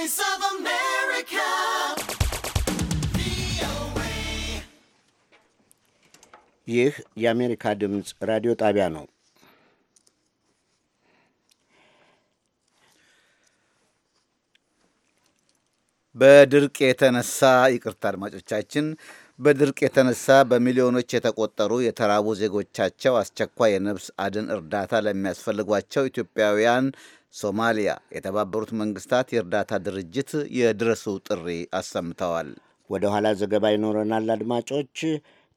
Voice of America. ይህ የአሜሪካ ድምፅ ራዲዮ ጣቢያ ነው። በድርቅ የተነሳ ይቅርታ አድማጮቻችን፣ በድርቅ የተነሳ በሚሊዮኖች የተቆጠሩ የተራቡ ዜጎቻቸው አስቸኳይ የነፍስ አድን እርዳታ ለሚያስፈልጓቸው ኢትዮጵያውያን ሶማሊያ የተባበሩት መንግስታት የእርዳታ ድርጅት የድረሱ ጥሪ አሰምተዋል። ወደ ኋላ ዘገባ ይኖረናል። አድማጮች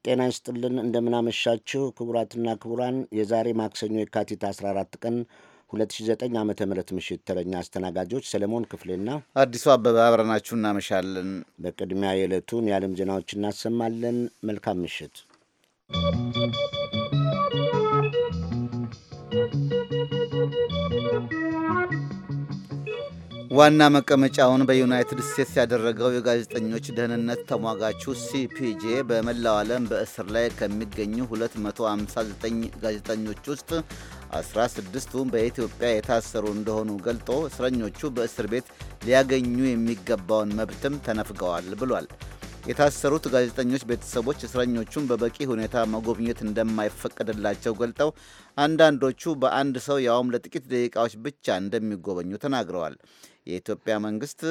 ጤና ይስጥልን፣ እንደምናመሻችሁ ክቡራትና ክቡራን የዛሬ ማክሰኞ የካቲት 14 ቀን 2009 ዓ ም ምሽት ተረኛ አስተናጋጆች ሰለሞን ክፍሌና አዲሱ አበበ አብረናችሁ እናመሻለን። በቅድሚያ የዕለቱን የዓለም ዜናዎች እናሰማለን። መልካም ምሽት። ዋና መቀመጫውን በዩናይትድ ስቴትስ ያደረገው የጋዜጠኞች ደህንነት ተሟጋቹ ሲፒጄ በመላው ዓለም በእስር ላይ ከሚገኙ 259 ጋዜጠኞች ውስጥ 16ቱ በኢትዮጵያ የታሰሩ እንደሆኑ ገልጦ እስረኞቹ በእስር ቤት ሊያገኙ የሚገባውን መብትም ተነፍገዋል ብሏል። የታሰሩት ጋዜጠኞች ቤተሰቦች እስረኞቹን በበቂ ሁኔታ መጎብኘት እንደማይፈቀድላቸው ገልጠው አንዳንዶቹ በአንድ ሰው ያውም ለጥቂት ደቂቃዎች ብቻ እንደሚጎበኙ ተናግረዋል። የኢትዮጵያ መንግስት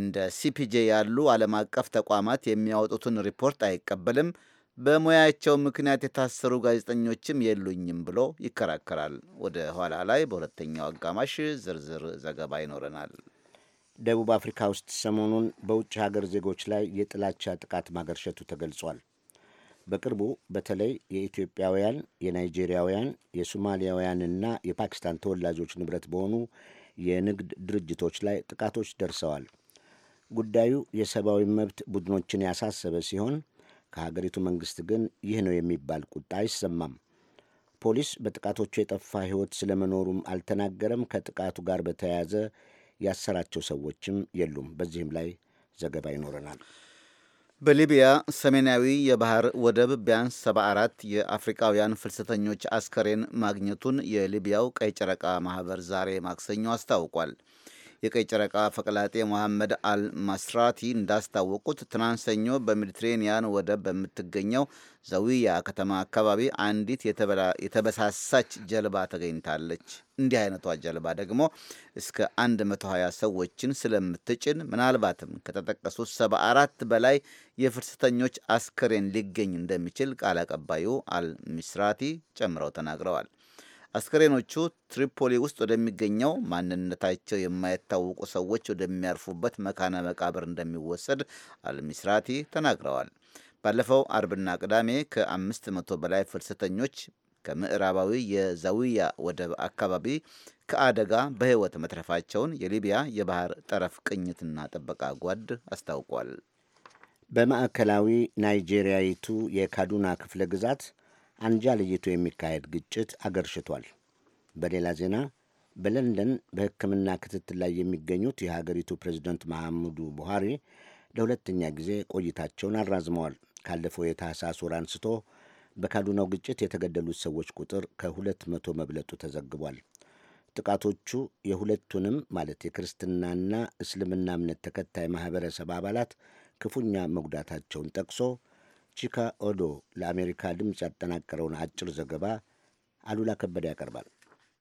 እንደ ሲፒጄ ያሉ ዓለም አቀፍ ተቋማት የሚያወጡትን ሪፖርት አይቀበልም፣ በሙያቸው ምክንያት የታሰሩ ጋዜጠኞችም የሉኝም ብሎ ይከራከራል። ወደ ኋላ ላይ በሁለተኛው አጋማሽ ዝርዝር ዘገባ ይኖረናል። ደቡብ አፍሪካ ውስጥ ሰሞኑን በውጭ ሀገር ዜጎች ላይ የጥላቻ ጥቃት ማገርሸቱ ተገልጿል። በቅርቡ በተለይ የኢትዮጵያውያን፣ የናይጄሪያውያን፣ የሶማሊያውያንና የፓኪስታን ተወላጆች ንብረት በሆኑ የንግድ ድርጅቶች ላይ ጥቃቶች ደርሰዋል። ጉዳዩ የሰብአዊ መብት ቡድኖችን ያሳሰበ ሲሆን ከሀገሪቱ መንግስት ግን ይህ ነው የሚባል ቁጣ አይሰማም። ፖሊስ በጥቃቶቹ የጠፋ ሕይወት ስለመኖሩም አልተናገረም። ከጥቃቱ ጋር በተያያዘ ያሰራቸው ሰዎችም የሉም። በዚህም ላይ ዘገባ ይኖረናል። በሊቢያ ሰሜናዊ የባህር ወደብ ቢያንስ 74 የአፍሪካውያን ፍልሰተኞች አስከሬን ማግኘቱን የሊቢያው ቀይ ጨረቃ ማህበር ዛሬ ማክሰኞ አስታውቋል። የቀይ ጨረቃ ፈቀላጤ መሐመድ አል ማስራቲ እንዳስታወቁት ትናንት ሰኞ በሜዲትሬኒያን ወደብ በምትገኘው ዘዊያ ከተማ አካባቢ አንዲት የተበሳሳች ጀልባ ተገኝታለች። እንዲህ አይነቷ ጀልባ ደግሞ እስከ 120 ሰዎችን ስለምትጭን ምናልባትም ከተጠቀሱት 74 በላይ የፍልሰተኞች አስከሬን ሊገኝ እንደሚችል ቃል አቀባዩ አልሚስራቲ ጨምረው ተናግረዋል። አስከሬኖቹ ትሪፖሊ ውስጥ ወደሚገኘው ማንነታቸው የማይታወቁ ሰዎች ወደሚያርፉበት መካነ መቃብር እንደሚወሰድ አልሚስራቲ ተናግረዋል። ባለፈው አርብና ቅዳሜ ከአምስት መቶ በላይ ፍልሰተኞች ከምዕራባዊ የዛዊያ ወደብ አካባቢ ከአደጋ በሕይወት መትረፋቸውን የሊቢያ የባህር ጠረፍ ቅኝትና ጥበቃ ጓድ አስታውቋል። በማዕከላዊ ናይጄሪያዊቱ የካዱና ክፍለ ግዛት አንጃ ለይቶ የሚካሄድ ግጭት አገርሽቷል። በሌላ ዜና በለንደን በሕክምና ክትትል ላይ የሚገኙት የሀገሪቱ ፕሬዚደንት መሐሙዱ ቡሃሪ ለሁለተኛ ጊዜ ቆይታቸውን አራዝመዋል። ካለፈው የታህሳስ ወር አንስቶ በካዱናው ግጭት የተገደሉት ሰዎች ቁጥር ከሁለት መቶ መብለጡ ተዘግቧል። ጥቃቶቹ የሁለቱንም ማለት የክርስትናና እስልምና እምነት ተከታይ ማኅበረሰብ አባላት ክፉኛ መጉዳታቸውን ጠቅሶ ቺካ ኦዶ ለአሜሪካ ድምፅ ያጠናቀረውን አጭር ዘገባ አሉላ ከበደ ያቀርባል።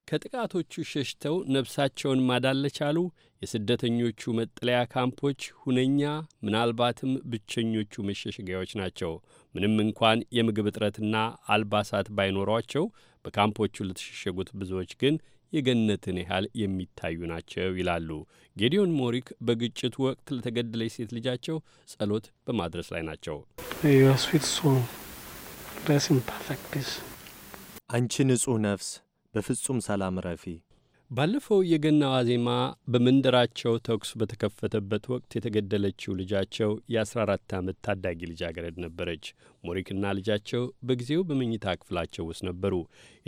ከጥቃቶቹ ሸሽተው ነፍሳቸውን ማዳን ለቻሉ የስደተኞቹ መጠለያ ካምፖች ሁነኛ ምናልባትም ብቸኞቹ መሸሸጊያዎች ናቸው። ምንም እንኳን የምግብ እጥረትና አልባሳት ባይኖሯቸው፣ በካምፖቹ ለተሸሸጉት ብዙዎች ግን የገነትን ያህል የሚታዩ ናቸው ይላሉ። ጌዲዮን ሞሪክ በግጭቱ ወቅት ለተገደለች ሴት ልጃቸው ጸሎት በማድረስ ላይ ናቸው። አንቺ ንጹሕ ነፍስ በፍጹም ሰላም ረፊ ባለፈው የገና ዋዜማ በመንደራቸው ተኩስ በተከፈተበት ወቅት የተገደለችው ልጃቸው የ14 ዓመት ታዳጊ ልጃገረድ ነበረች። ሞሪክና ልጃቸው በጊዜው በመኝታ ክፍላቸው ውስጥ ነበሩ።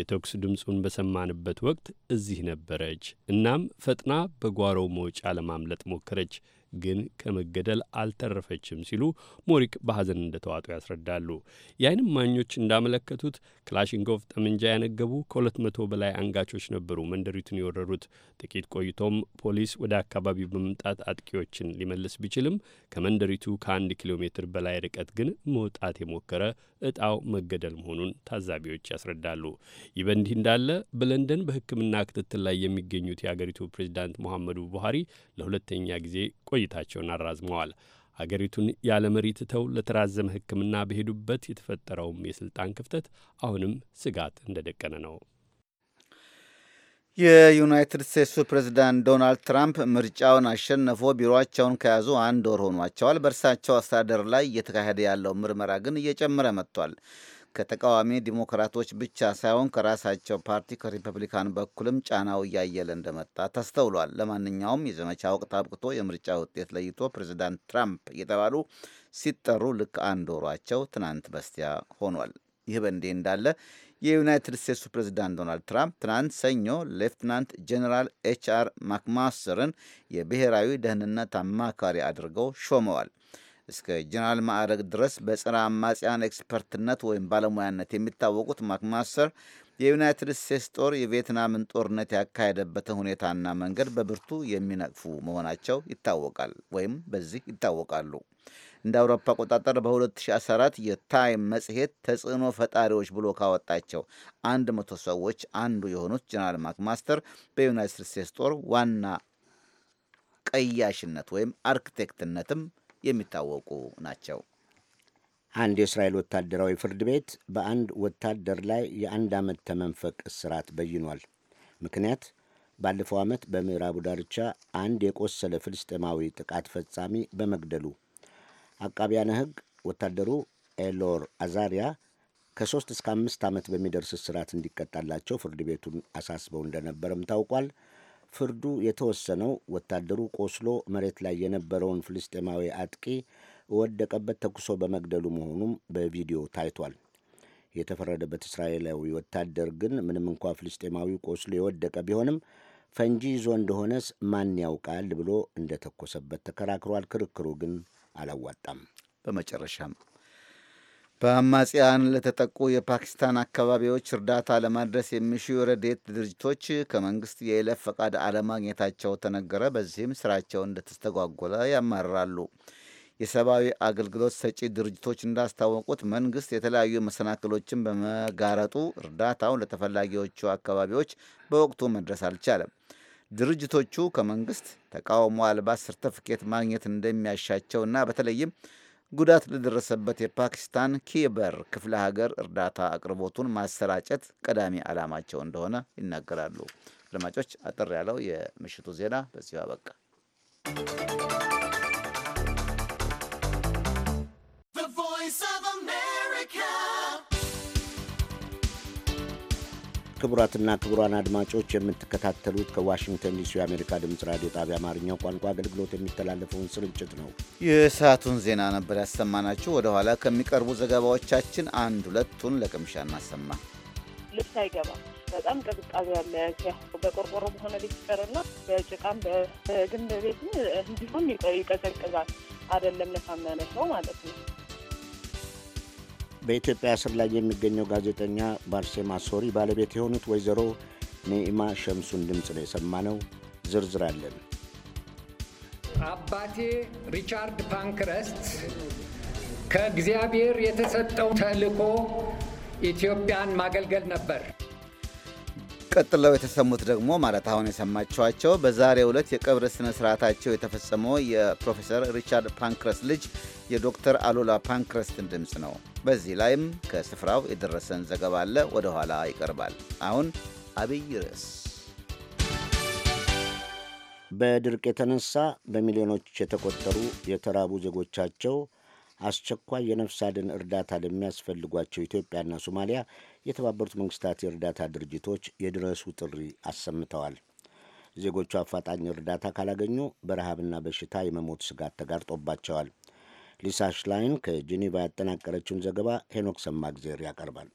የተኩስ ድምፁን በሰማንበት ወቅት እዚህ ነበረች። እናም ፈጥና በጓሮው መውጫ ለማምለጥ ሞከረች። ግን ከመገደል አልተረፈችም ሲሉ ሞሪክ በሐዘን እንደተዋጡ ያስረዳሉ። የዓይን እማኞች እንዳመለከቱት ክላሽንኮቭ ጠመንጃ ያነገቡ ከሁለት መቶ በላይ አንጋቾች ነበሩ መንደሪቱን የወረሩት። ጥቂት ቆይቶም ፖሊስ ወደ አካባቢው በመምጣት አጥቂዎችን ሊመልስ ቢችልም ከመንደሪቱ ከአንድ ኪሎ ሜትር በላይ ርቀት ግን መውጣት የሞከረ እጣው መገደል መሆኑን ታዛቢዎች ያስረዳሉ። ይህ በእንዲህ እንዳለ በለንደን በሕክምና ክትትል ላይ የሚገኙት የአገሪቱ ፕሬዚዳንት ሙሐመዱ ቡሃሪ ለሁለተኛ ጊዜ ቆይ ቆይታቸውን አራዝመዋል። አገሪቱን ያለ መሪ ትተው ለተራዘመ ሕክምና በሄዱበት የተፈጠረውም የስልጣን ክፍተት አሁንም ስጋት እንደደቀነ ነው። የዩናይትድ ስቴትሱ ፕሬዚዳንት ዶናልድ ትራምፕ ምርጫውን አሸንፎ ቢሮቸውን ከያዙ አንድ ወር ሆኗቸዋል። በእርሳቸው አስተዳደር ላይ እየተካሄደ ያለው ምርመራ ግን እየጨመረ መጥቷል። ከተቃዋሚ ዲሞክራቶች ብቻ ሳይሆን ከራሳቸው ፓርቲ ከሪፐብሊካን በኩልም ጫናው እያየለ እንደመጣ ተስተውሏል። ለማንኛውም የዘመቻ ወቅት አብቅቶ የምርጫ ውጤት ለይቶ ፕሬዚዳንት ትራምፕ እየተባሉ ሲጠሩ ልክ አንድ ወሯቸው ትናንት በስቲያ ሆኗል። ይህ በእንዲህ እንዳለ የዩናይትድ ስቴትሱ ፕሬዚዳንት ዶናልድ ትራምፕ ትናንት ሰኞ ሌፍትናንት ጄኔራል ኤች አር ማክማስተርን የብሔራዊ ደህንነት አማካሪ አድርገው ሾመዋል። እስከ ጀነራል ማዕረግ ድረስ በጸረ አማጽያን ኤክስፐርትነት ወይም ባለሙያነት የሚታወቁት ማክማስተር የዩናይትድ ስቴትስ ጦር የቪየትናምን ጦርነት ያካሄደበትን ሁኔታና መንገድ በብርቱ የሚነቅፉ መሆናቸው ይታወቃል ወይም በዚህ ይታወቃሉ። እንደ አውሮፓ አቆጣጠር በ2014 የታይም መጽሔት ተጽዕኖ ፈጣሪዎች ብሎ ካወጣቸው 100 ሰዎች አንዱ የሆኑት ጀነራል ማክማስተር በዩናይትድ ስቴትስ ጦር ዋና ቀያሽነት ወይም አርክቴክትነትም የሚታወቁ ናቸው። አንድ የእስራኤል ወታደራዊ ፍርድ ቤት በአንድ ወታደር ላይ የአንድ ዓመት ተመንፈቅ እስራት በይኗል። ምክንያት ባለፈው ዓመት በምዕራቡ ዳርቻ አንድ የቆሰለ ፍልስጤማዊ ጥቃት ፈጻሚ በመግደሉ። አቃቢያነ ሕግ ወታደሩ ኤሎር አዛሪያ ከሦስት እስከ አምስት ዓመት በሚደርስ እስራት እንዲቀጣላቸው ፍርድ ቤቱን አሳስበው እንደነበረም ታውቋል። ፍርዱ የተወሰነው ወታደሩ ቆስሎ መሬት ላይ የነበረውን ፍልስጤማዊ አጥቂ ወደቀበት ተኩሶ በመግደሉ መሆኑም በቪዲዮ ታይቷል። የተፈረደበት እስራኤላዊ ወታደር ግን ምንም እንኳ ፍልስጤማዊ ቆስሎ የወደቀ ቢሆንም ፈንጂ ይዞ እንደሆነስ ማን ያውቃል ብሎ እንደተኮሰበት ተከራክሯል። ክርክሩ ግን አላዋጣም። በመጨረሻም በአማጽያን ለተጠቁ የፓኪስታን አካባቢዎች እርዳታ ለማድረስ የሚሹ የረድኤት ድርጅቶች ከመንግስት የይለፍ ፈቃድ አለማግኘታቸው ተነገረ። በዚህም ስራቸው እንደተስተጓጎለ ያማርራሉ። የሰብአዊ አገልግሎት ሰጪ ድርጅቶች እንዳስታወቁት መንግስት የተለያዩ መሰናክሎችን በመጋረጡ እርዳታው ለተፈላጊዎቹ አካባቢዎች በወቅቱ መድረስ አልቻለም። ድርጅቶቹ ከመንግስት ተቃውሞ አልባ ሰርተፍኬት ማግኘት እንደሚያሻቸው እና በተለይም ጉዳት ለደረሰበት የፓኪስታን ኪበር ክፍለ ሀገር እርዳታ አቅርቦቱን ማሰራጨት ቀዳሚ ዓላማቸው እንደሆነ ይናገራሉ። አድማጮች፣ አጠር ያለው የምሽቱ ዜና በዚሁ አበቃ። ክቡራትና ክቡራን አድማጮች የምትከታተሉት ከዋሽንግተን ዲሲ የአሜሪካ ድምፅ ራዲዮ ጣቢያ አማርኛው ቋንቋ አገልግሎት የሚተላለፈውን ስርጭት ነው። የሰዓቱን ዜና ነበር ያሰማናችሁ። ወደ ኋላ ከሚቀርቡ ዘገባዎቻችን አንድ ሁለቱን ለቅምሻ እናሰማ። ልብስ አይገባም። በጣም ቅዝቃዜ ያለ በቆርቆሮ በሆነ ቤት ይቀርና በጭቃም በግንብ ቤት እንዲሁም ይቀዘቅዛል። አይደለም ለሳመነ ሰው ማለት ነው። በኢትዮጵያ እስር ላይ የሚገኘው ጋዜጠኛ ባርሴማ ሶሪ ባለቤት የሆኑት ወይዘሮ ኒኢማ ሸምሱን ድምፅ ነው የሰማነው። ዝርዝር አለን። አባቴ ሪቻርድ ፓንክረስት ከእግዚአብሔር የተሰጠው ተልኮ ኢትዮጵያን ማገልገል ነበር። ቀጥለው የተሰሙት ደግሞ ማለት አሁን የሰማችኋቸው በዛሬው ዕለት የቀብር ስነ ስርዓታቸው የተፈጸመው የፕሮፌሰር ሪቻርድ ፓንክረስት ልጅ የዶክተር አሉላ ፓንክረስትን ድምፅ ነው። በዚህ ላይም ከስፍራው የደረሰን ዘገባ አለ፣ ወደ ኋላ ይቀርባል። አሁን አብይ ርዕስ በድርቅ የተነሳ በሚሊዮኖች የተቆጠሩ የተራቡ ዜጎቻቸው አስቸኳይ የነፍስ አድን እርዳታ ለሚያስፈልጓቸው ኢትዮጵያና ሶማሊያ የተባበሩት መንግስታት የእርዳታ ድርጅቶች የድረሱ ጥሪ አሰምተዋል። ዜጎቹ አፋጣኝ እርዳታ ካላገኙ በረሃብና በሽታ የመሞት ስጋት ተጋርጦባቸዋል። ሊሳ ሽላይን ከጄኔቫ ያጠናቀረችውን ዘገባ ሄኖክ ሰማግዜር ያቀርባል።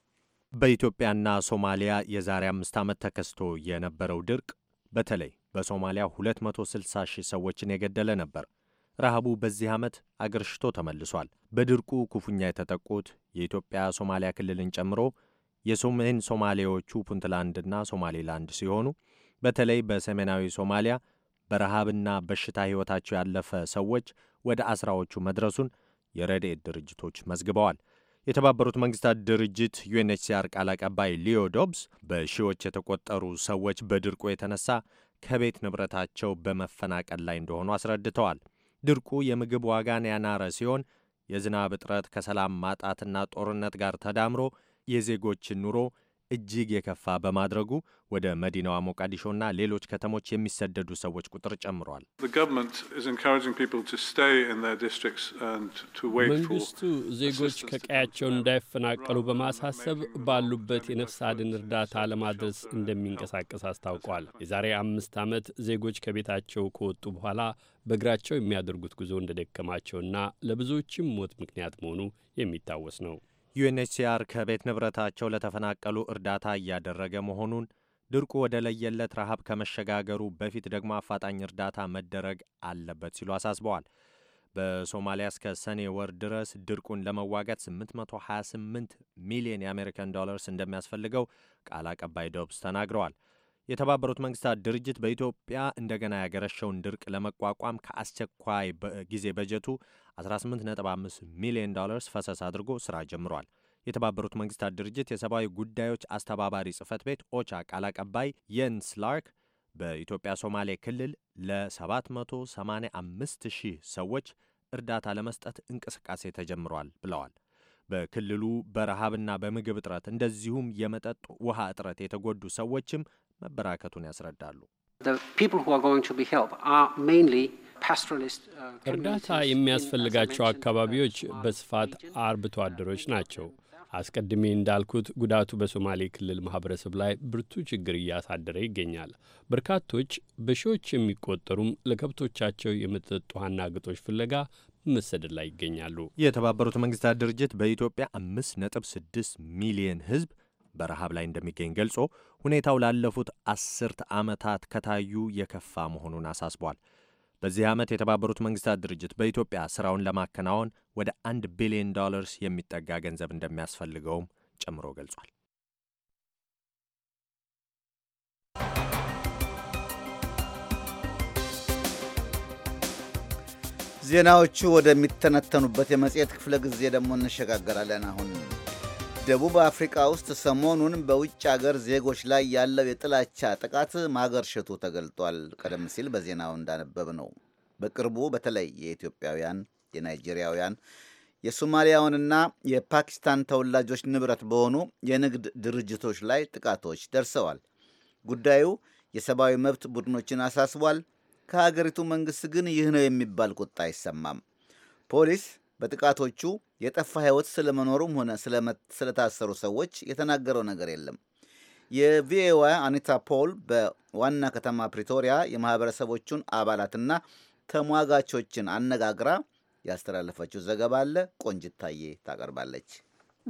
በኢትዮጵያና ሶማሊያ የዛሬ አምስት ዓመት ተከስቶ የነበረው ድርቅ በተለይ በሶማሊያ 260 ሺህ ሰዎችን የገደለ ነበር። ረሃቡ በዚህ ዓመት አገርሽቶ ተመልሷል። በድርቁ ክፉኛ የተጠቁት የኢትዮጵያ ሶማሊያ ክልልን ጨምሮ የሰሜን ሶማሌዎቹ ፑንትላንድና ሶማሌላንድ ሲሆኑ በተለይ በሰሜናዊ ሶማሊያ በረሃብና በሽታ ሕይወታቸው ያለፈ ሰዎች ወደ አስራዎቹ መድረሱን የረድኤት ድርጅቶች መዝግበዋል። የተባበሩት መንግስታት ድርጅት ዩኤንኤችሲአር ቃል አቀባይ ሊዮ ዶብስ በሺዎች የተቆጠሩ ሰዎች በድርቁ የተነሳ ከቤት ንብረታቸው በመፈናቀል ላይ እንደሆኑ አስረድተዋል። ድርቁ የምግብ ዋጋን ያናረ ሲሆን የዝናብ እጥረት ከሰላም ማጣትና ጦርነት ጋር ተዳምሮ የዜጎችን ኑሮ እጅግ የከፋ በማድረጉ ወደ መዲናዋ ሞቃዲሾና ሌሎች ከተሞች የሚሰደዱ ሰዎች ቁጥር ጨምሯል። መንግስቱ ዜጎች ከቀያቸው እንዳይፈናቀሉ በማሳሰብ ባሉበት የነፍስ አድን እርዳታ ለማድረስ እንደሚንቀሳቀስ አስታውቋል። የዛሬ አምስት ዓመት ዜጎች ከቤታቸው ከወጡ በኋላ በእግራቸው የሚያደርጉት ጉዞ እንደደከማቸውና ለብዙዎችም ሞት ምክንያት መሆኑ የሚታወስ ነው። ዩኤንኤችሲአር ከቤት ንብረታቸው ለተፈናቀሉ እርዳታ እያደረገ መሆኑን፣ ድርቁ ወደ ለየለት ረሃብ ከመሸጋገሩ በፊት ደግሞ አፋጣኝ እርዳታ መደረግ አለበት ሲሉ አሳስበዋል። በሶማሊያ እስከ ሰኔ ወር ድረስ ድርቁን ለመዋጋት 828 ሚሊዮን የአሜሪካን ዶላርስ እንደሚያስፈልገው ቃል አቀባይ ዶብስ ተናግረዋል። የተባበሩት መንግስታት ድርጅት በኢትዮጵያ እንደገና ያገረሸውን ድርቅ ለመቋቋም ከአስቸኳይ ጊዜ በጀቱ 18.5 ሚሊዮን ዶላርስ ፈሰስ አድርጎ ስራ ጀምሯል። የተባበሩት መንግስታት ድርጅት የሰብአዊ ጉዳዮች አስተባባሪ ጽህፈት ቤት ኦቻ ቃል አቀባይ የንስ ላርክ በኢትዮጵያ ሶማሌ ክልል ለ785 ሺህ ሰዎች እርዳታ ለመስጠት እንቅስቃሴ ተጀምሯል ብለዋል። በክልሉ በረሃብና በምግብ እጥረት እንደዚሁም የመጠጥ ውሃ እጥረት የተጎዱ ሰዎችም መበራከቱን ያስረዳሉ። uh, እርዳታ የሚያስፈልጋቸው አካባቢዎች በስፋት አርብቶ አደሮች ናቸው። አስቀድሜ እንዳልኩት ጉዳቱ በሶማሌ ክልል ማኅበረሰብ ላይ ብርቱ ችግር እያሳደረ ይገኛል። በርካቶች በሺዎች የሚቆጠሩም ለከብቶቻቸው የመጠጥ ውሃና ግጦሽ ፍለጋ መሰደድ ላይ ይገኛሉ። የተባበሩት መንግስታት ድርጅት በኢትዮጵያ አምስት ነጥብ ስድስት ሚሊየን ህዝብ በረሃብ ላይ እንደሚገኝ ገልጾ ሁኔታው ላለፉት አስርት ዓመታት ከታዩ የከፋ መሆኑን አሳስቧል። በዚህ ዓመት የተባበሩት መንግስታት ድርጅት በኢትዮጵያ ስራውን ለማከናወን ወደ አንድ ቢሊዮን ዶላርስ የሚጠጋ ገንዘብ እንደሚያስፈልገውም ጨምሮ ገልጿል። ዜናዎቹ ወደሚተነተኑበት የመጽሔት ክፍለ ጊዜ ደግሞ እንሸጋገራለን አሁን ደቡብ አፍሪካ ውስጥ ሰሞኑን በውጭ አገር ዜጎች ላይ ያለው የጥላቻ ጥቃት ማገርሸቱ ተገልጧል። ቀደም ሲል በዜናው እንዳነበብ ነው። በቅርቡ በተለይ የኢትዮጵያውያን፣ የናይጄሪያውያን፣ የሶማሊያውንና የፓኪስታን ተወላጆች ንብረት በሆኑ የንግድ ድርጅቶች ላይ ጥቃቶች ደርሰዋል። ጉዳዩ የሰብአዊ መብት ቡድኖችን አሳስቧል። ከሀገሪቱ መንግስት ግን ይህ ነው የሚባል ቁጣ አይሰማም። ፖሊስ በጥቃቶቹ የጠፋ ሕይወት ስለመኖሩም ሆነ ስለታሰሩ ሰዎች የተናገረው ነገር የለም። የቪኦኤ አኒታ ፖል በዋና ከተማ ፕሪቶሪያ የማህበረሰቦቹን አባላትና ተሟጋቾችን አነጋግራ ያስተላለፈችው ዘገባ አለ። ቆንጅታዬ ታቀርባለች።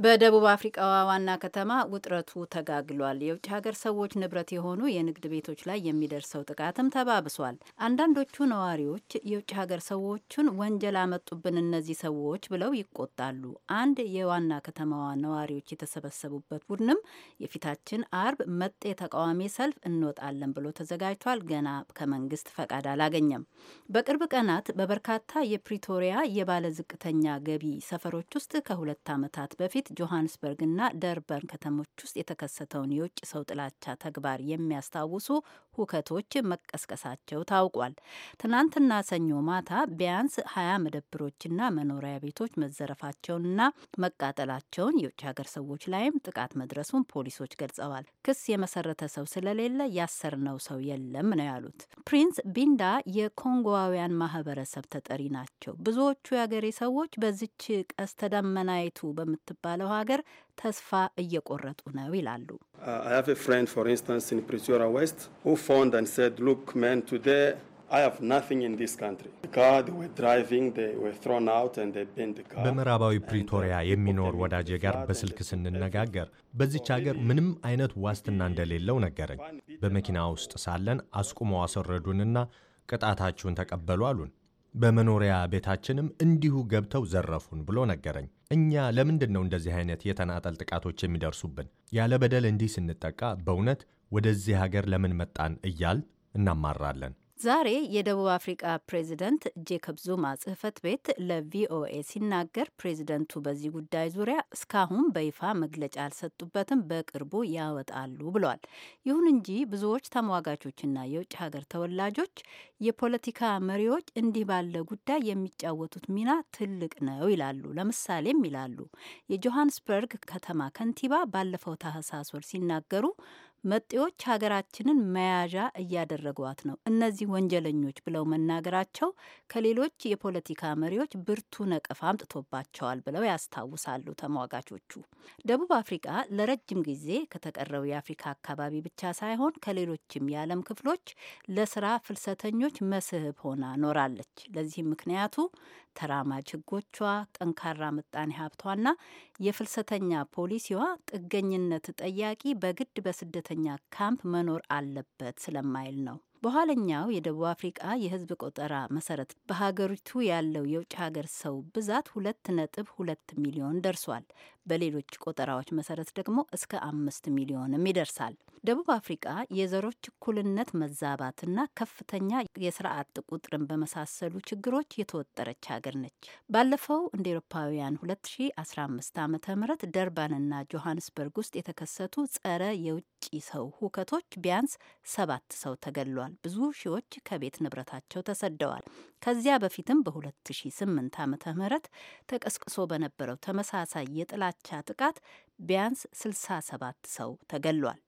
በደቡብ አፍሪቃዋ ዋና ከተማ ውጥረቱ ተጋግሏል። የውጭ ሀገር ሰዎች ንብረት የሆኑ የንግድ ቤቶች ላይ የሚደርሰው ጥቃትም ተባብሷል። አንዳንዶቹ ነዋሪዎች የውጭ ሀገር ሰዎቹን ወንጀል አመጡብን እነዚህ ሰዎች ብለው ይቆጣሉ። አንድ የዋና ከተማዋ ነዋሪዎች የተሰበሰቡበት ቡድንም የፊታችን አርብ መጤ ተቃዋሚ ሰልፍ እንወጣለን ብሎ ተዘጋጅቷል። ገና ከመንግስት ፈቃድ አላገኘም። በቅርብ ቀናት በበርካታ የፕሪቶሪያ የባለዝቅተኛ ገቢ ሰፈሮች ውስጥ ከሁለት ዓመታት በፊት ቤት ጆሃንስበርግና ደርበን ከተሞች ውስጥ የተከሰተውን የውጭ ሰው ጥላቻ ተግባር የሚያስታውሱ ሁከቶች መቀስቀሳቸው ታውቋል። ትናንትና ሰኞ ማታ ቢያንስ ሀያ መደብሮችና መኖሪያ ቤቶች መዘረፋቸውንና መቃጠላቸውን የውጭ ሀገር ሰዎች ላይም ጥቃት መድረሱን ፖሊሶች ገልጸዋል። ክስ የመሰረተ ሰው ስለሌለ ያሰርነው ሰው የለም ነው ያሉት። ፕሪንስ ቢንዳ የኮንጎዋውያን ማህበረሰብ ተጠሪ ናቸው። ብዙዎቹ የአገሬ ሰዎች በዚች ቀስተደመናይቱ በምትባለው ሀገር ተስፋ እየቆረጡ ነው ይላሉ። uh, በምዕራባዊ uh, ፕሪቶሪያ የሚኖር ወዳጄ ጋር በስልክ ስንነጋገር በዚች ሀገር ምንም አይነት ዋስትና እንደሌለው ነገረኝ። በመኪና ውስጥ ሳለን አስቁመው አሰረዱንና ቅጣታችሁን ተቀበሉ አሉን። በመኖሪያ ቤታችንም እንዲሁ ገብተው ዘረፉን ብሎ ነገረኝ። እኛ ለምንድን ነው እንደዚህ አይነት የተናጠል ጥቃቶች የሚደርሱብን? ያለ በደል እንዲህ ስንጠቃ በእውነት ወደዚህ ሀገር ለምን መጣን እያል እናማራለን። ዛሬ የደቡብ አፍሪቃ ፕሬዚደንት ጄኮብ ዙማ ጽህፈት ቤት ለቪኦኤ ሲናገር ፕሬዚደንቱ በዚህ ጉዳይ ዙሪያ እስካሁን በይፋ መግለጫ አልሰጡበትም፣ በቅርቡ ያወጣሉ ብሏል። ይሁን እንጂ ብዙዎች ተሟጋቾችና የውጭ ሀገር ተወላጆች የፖለቲካ መሪዎች እንዲህ ባለ ጉዳይ የሚጫወቱት ሚና ትልቅ ነው ይላሉ። ለምሳሌም ይላሉ የጆሃንስበርግ ከተማ ከንቲባ ባለፈው ታህሳስ ወር ሲናገሩ መጤዎች ሀገራችንን መያዣ እያደረጓት ነው፣ እነዚህ ወንጀለኞች ብለው መናገራቸው ከሌሎች የፖለቲካ መሪዎች ብርቱ ነቀፋ አምጥቶባቸዋል ብለው ያስታውሳሉ ተሟጋቾቹ። ደቡብ አፍሪቃ ለረጅም ጊዜ ከተቀረው የአፍሪካ አካባቢ ብቻ ሳይሆን ከሌሎችም የዓለም ክፍሎች ለስራ ፍልሰተኞች መስህብ ሆና ኖራለች። ለዚህም ምክንያቱ ተራማጅ ህጎቿ ጠንካራ ምጣኔ ሀብቷና የፍልሰተኛ ፖሊሲዋ ጥገኝነት ጠያቂ በግድ በስደተ ስደተኛ ካምፕ መኖር አለበት ስለማይል ነው። በኋለኛው የደቡብ አፍሪቃ የህዝብ ቆጠራ መሰረት በሀገሪቱ ያለው የውጭ ሀገር ሰው ብዛት ሁለት ነጥብ ሁለት ሚሊዮን ደርሷል። በሌሎች ቆጠራዎች መሰረት ደግሞ እስከ አምስት ሚሊዮንም ይደርሳል። ደቡብ አፍሪቃ የዘሮች እኩልነት መዛባትና ከፍተኛ የስራ አጥ ቁጥርን በመሳሰሉ ችግሮች የተወጠረች ሀገር ነች። ባለፈው እንደ ኤሮፓውያን 2015 ዓ ም ደርባንና ጆሀንስበርግ ውስጥ የተከሰቱ ጸረ የውጭ ሰው ሁከቶች ቢያንስ ሰባት ሰው ተገሏል። ብዙ ሺዎች ከቤት ንብረታቸው ተሰደዋል። ከዚያ በፊትም በ2008 ዓ ም ተቀስቅሶ በነበረው ተመሳሳይ የጥላቻ ጥቃት ቢያንስ 67 ሰው ተገሏል።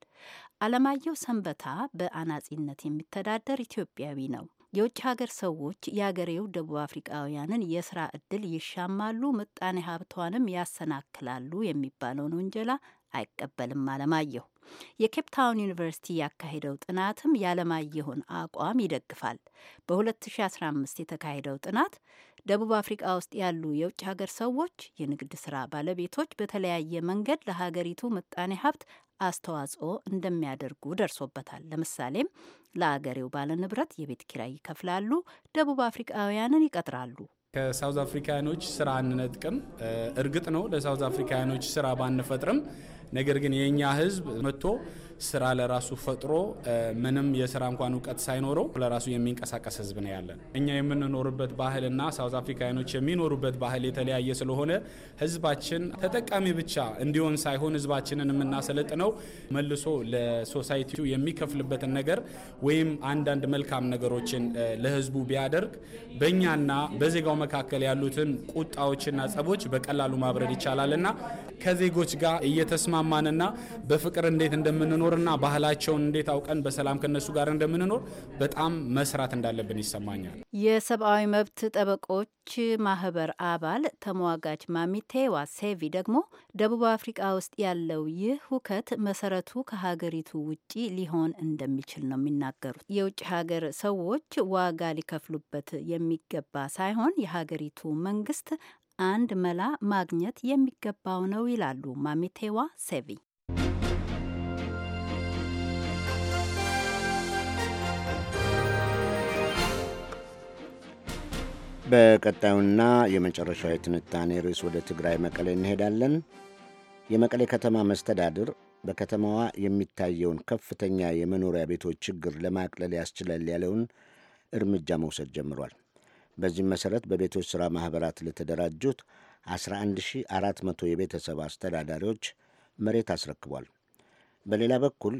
አለማየሁ ሰንበታ በአናጺነት የሚተዳደር ኢትዮጵያዊ ነው። የውጭ ሀገር ሰዎች የአገሬው ደቡብ አፍሪቃውያንን የስራ እድል ይሻማሉ፣ ምጣኔ ሀብቷንም ያሰናክላሉ የሚባለውን ውንጀላ አይቀበልም አለማየሁ። የኬፕታውን ዩኒቨርሲቲ ያካሄደው ጥናትም የዓለማየሁን አቋም ይደግፋል። በ2015 የተካሄደው ጥናት ደቡብ አፍሪቃ ውስጥ ያሉ የውጭ ሀገር ሰዎች የንግድ ስራ ባለቤቶች በተለያየ መንገድ ለሀገሪቱ ምጣኔ ሀብት አስተዋጽኦ እንደሚያደርጉ ደርሶበታል። ለምሳሌም ለአገሬው ባለንብረት የቤት ኪራይ ይከፍላሉ፣ ደቡብ አፍሪካውያንን ይቀጥራሉ። ከሳውዝ አፍሪካውያኖች ስራ አንነጥቅም። እርግጥ ነው ለሳውዝ አፍሪካውያኖች ስራ ባንፈጥርም ነገር ግን የእኛ ህዝብ መጥቶ ስራ ለራሱ ፈጥሮ ምንም የስራ እንኳን እውቀት ሳይኖረው ለራሱ የሚንቀሳቀስ ህዝብ ነው ያለን። እኛ የምንኖርበት ባህልና ሳውዝ አፍሪካኖች የሚኖሩበት ባህል የተለያየ ስለሆነ ህዝባችን ተጠቃሚ ብቻ እንዲሆን ሳይሆን ህዝባችንን የምናሰለጥነው መልሶ ለሶሳይቲው የሚከፍልበትን ነገር ወይም አንዳንድ መልካም ነገሮችን ለህዝቡ ቢያደርግ በእኛና በዜጋው መካከል ያሉትን ቁጣዎችና ጸቦች በቀላሉ ማብረድ ይቻላልና ከዜጎች ጋር እየተስማማንና በፍቅር እንዴት እንደምንኖር መኖርና ባህላቸውን እንዴት አውቀን በሰላም ከነሱ ጋር እንደምንኖር በጣም መስራት እንዳለብን ይሰማኛል። የሰብአዊ መብት ጠበቆች ማህበር አባል ተሟጋች ማሚቴዋ ሴቪ ደግሞ ደቡብ አፍሪቃ ውስጥ ያለው ይህ ሁከት መሰረቱ ከሀገሪቱ ውጪ ሊሆን እንደሚችል ነው የሚናገሩት። የውጭ ሀገር ሰዎች ዋጋ ሊከፍሉበት የሚገባ ሳይሆን የሀገሪቱ መንግስት አንድ መላ ማግኘት የሚገባው ነው ይላሉ ማሚቴዋ ሴቪ። በቀጣዩና የመጨረሻው የትንታኔ ርዕስ ወደ ትግራይ መቀሌ እንሄዳለን። የመቀሌ ከተማ መስተዳድር በከተማዋ የሚታየውን ከፍተኛ የመኖሪያ ቤቶች ችግር ለማቅለል ያስችላል ያለውን እርምጃ መውሰድ ጀምሯል። በዚህም መሠረት በቤቶች ሥራ ማኅበራት ለተደራጁት 11400 የቤተሰብ አስተዳዳሪዎች መሬት አስረክቧል። በሌላ በኩል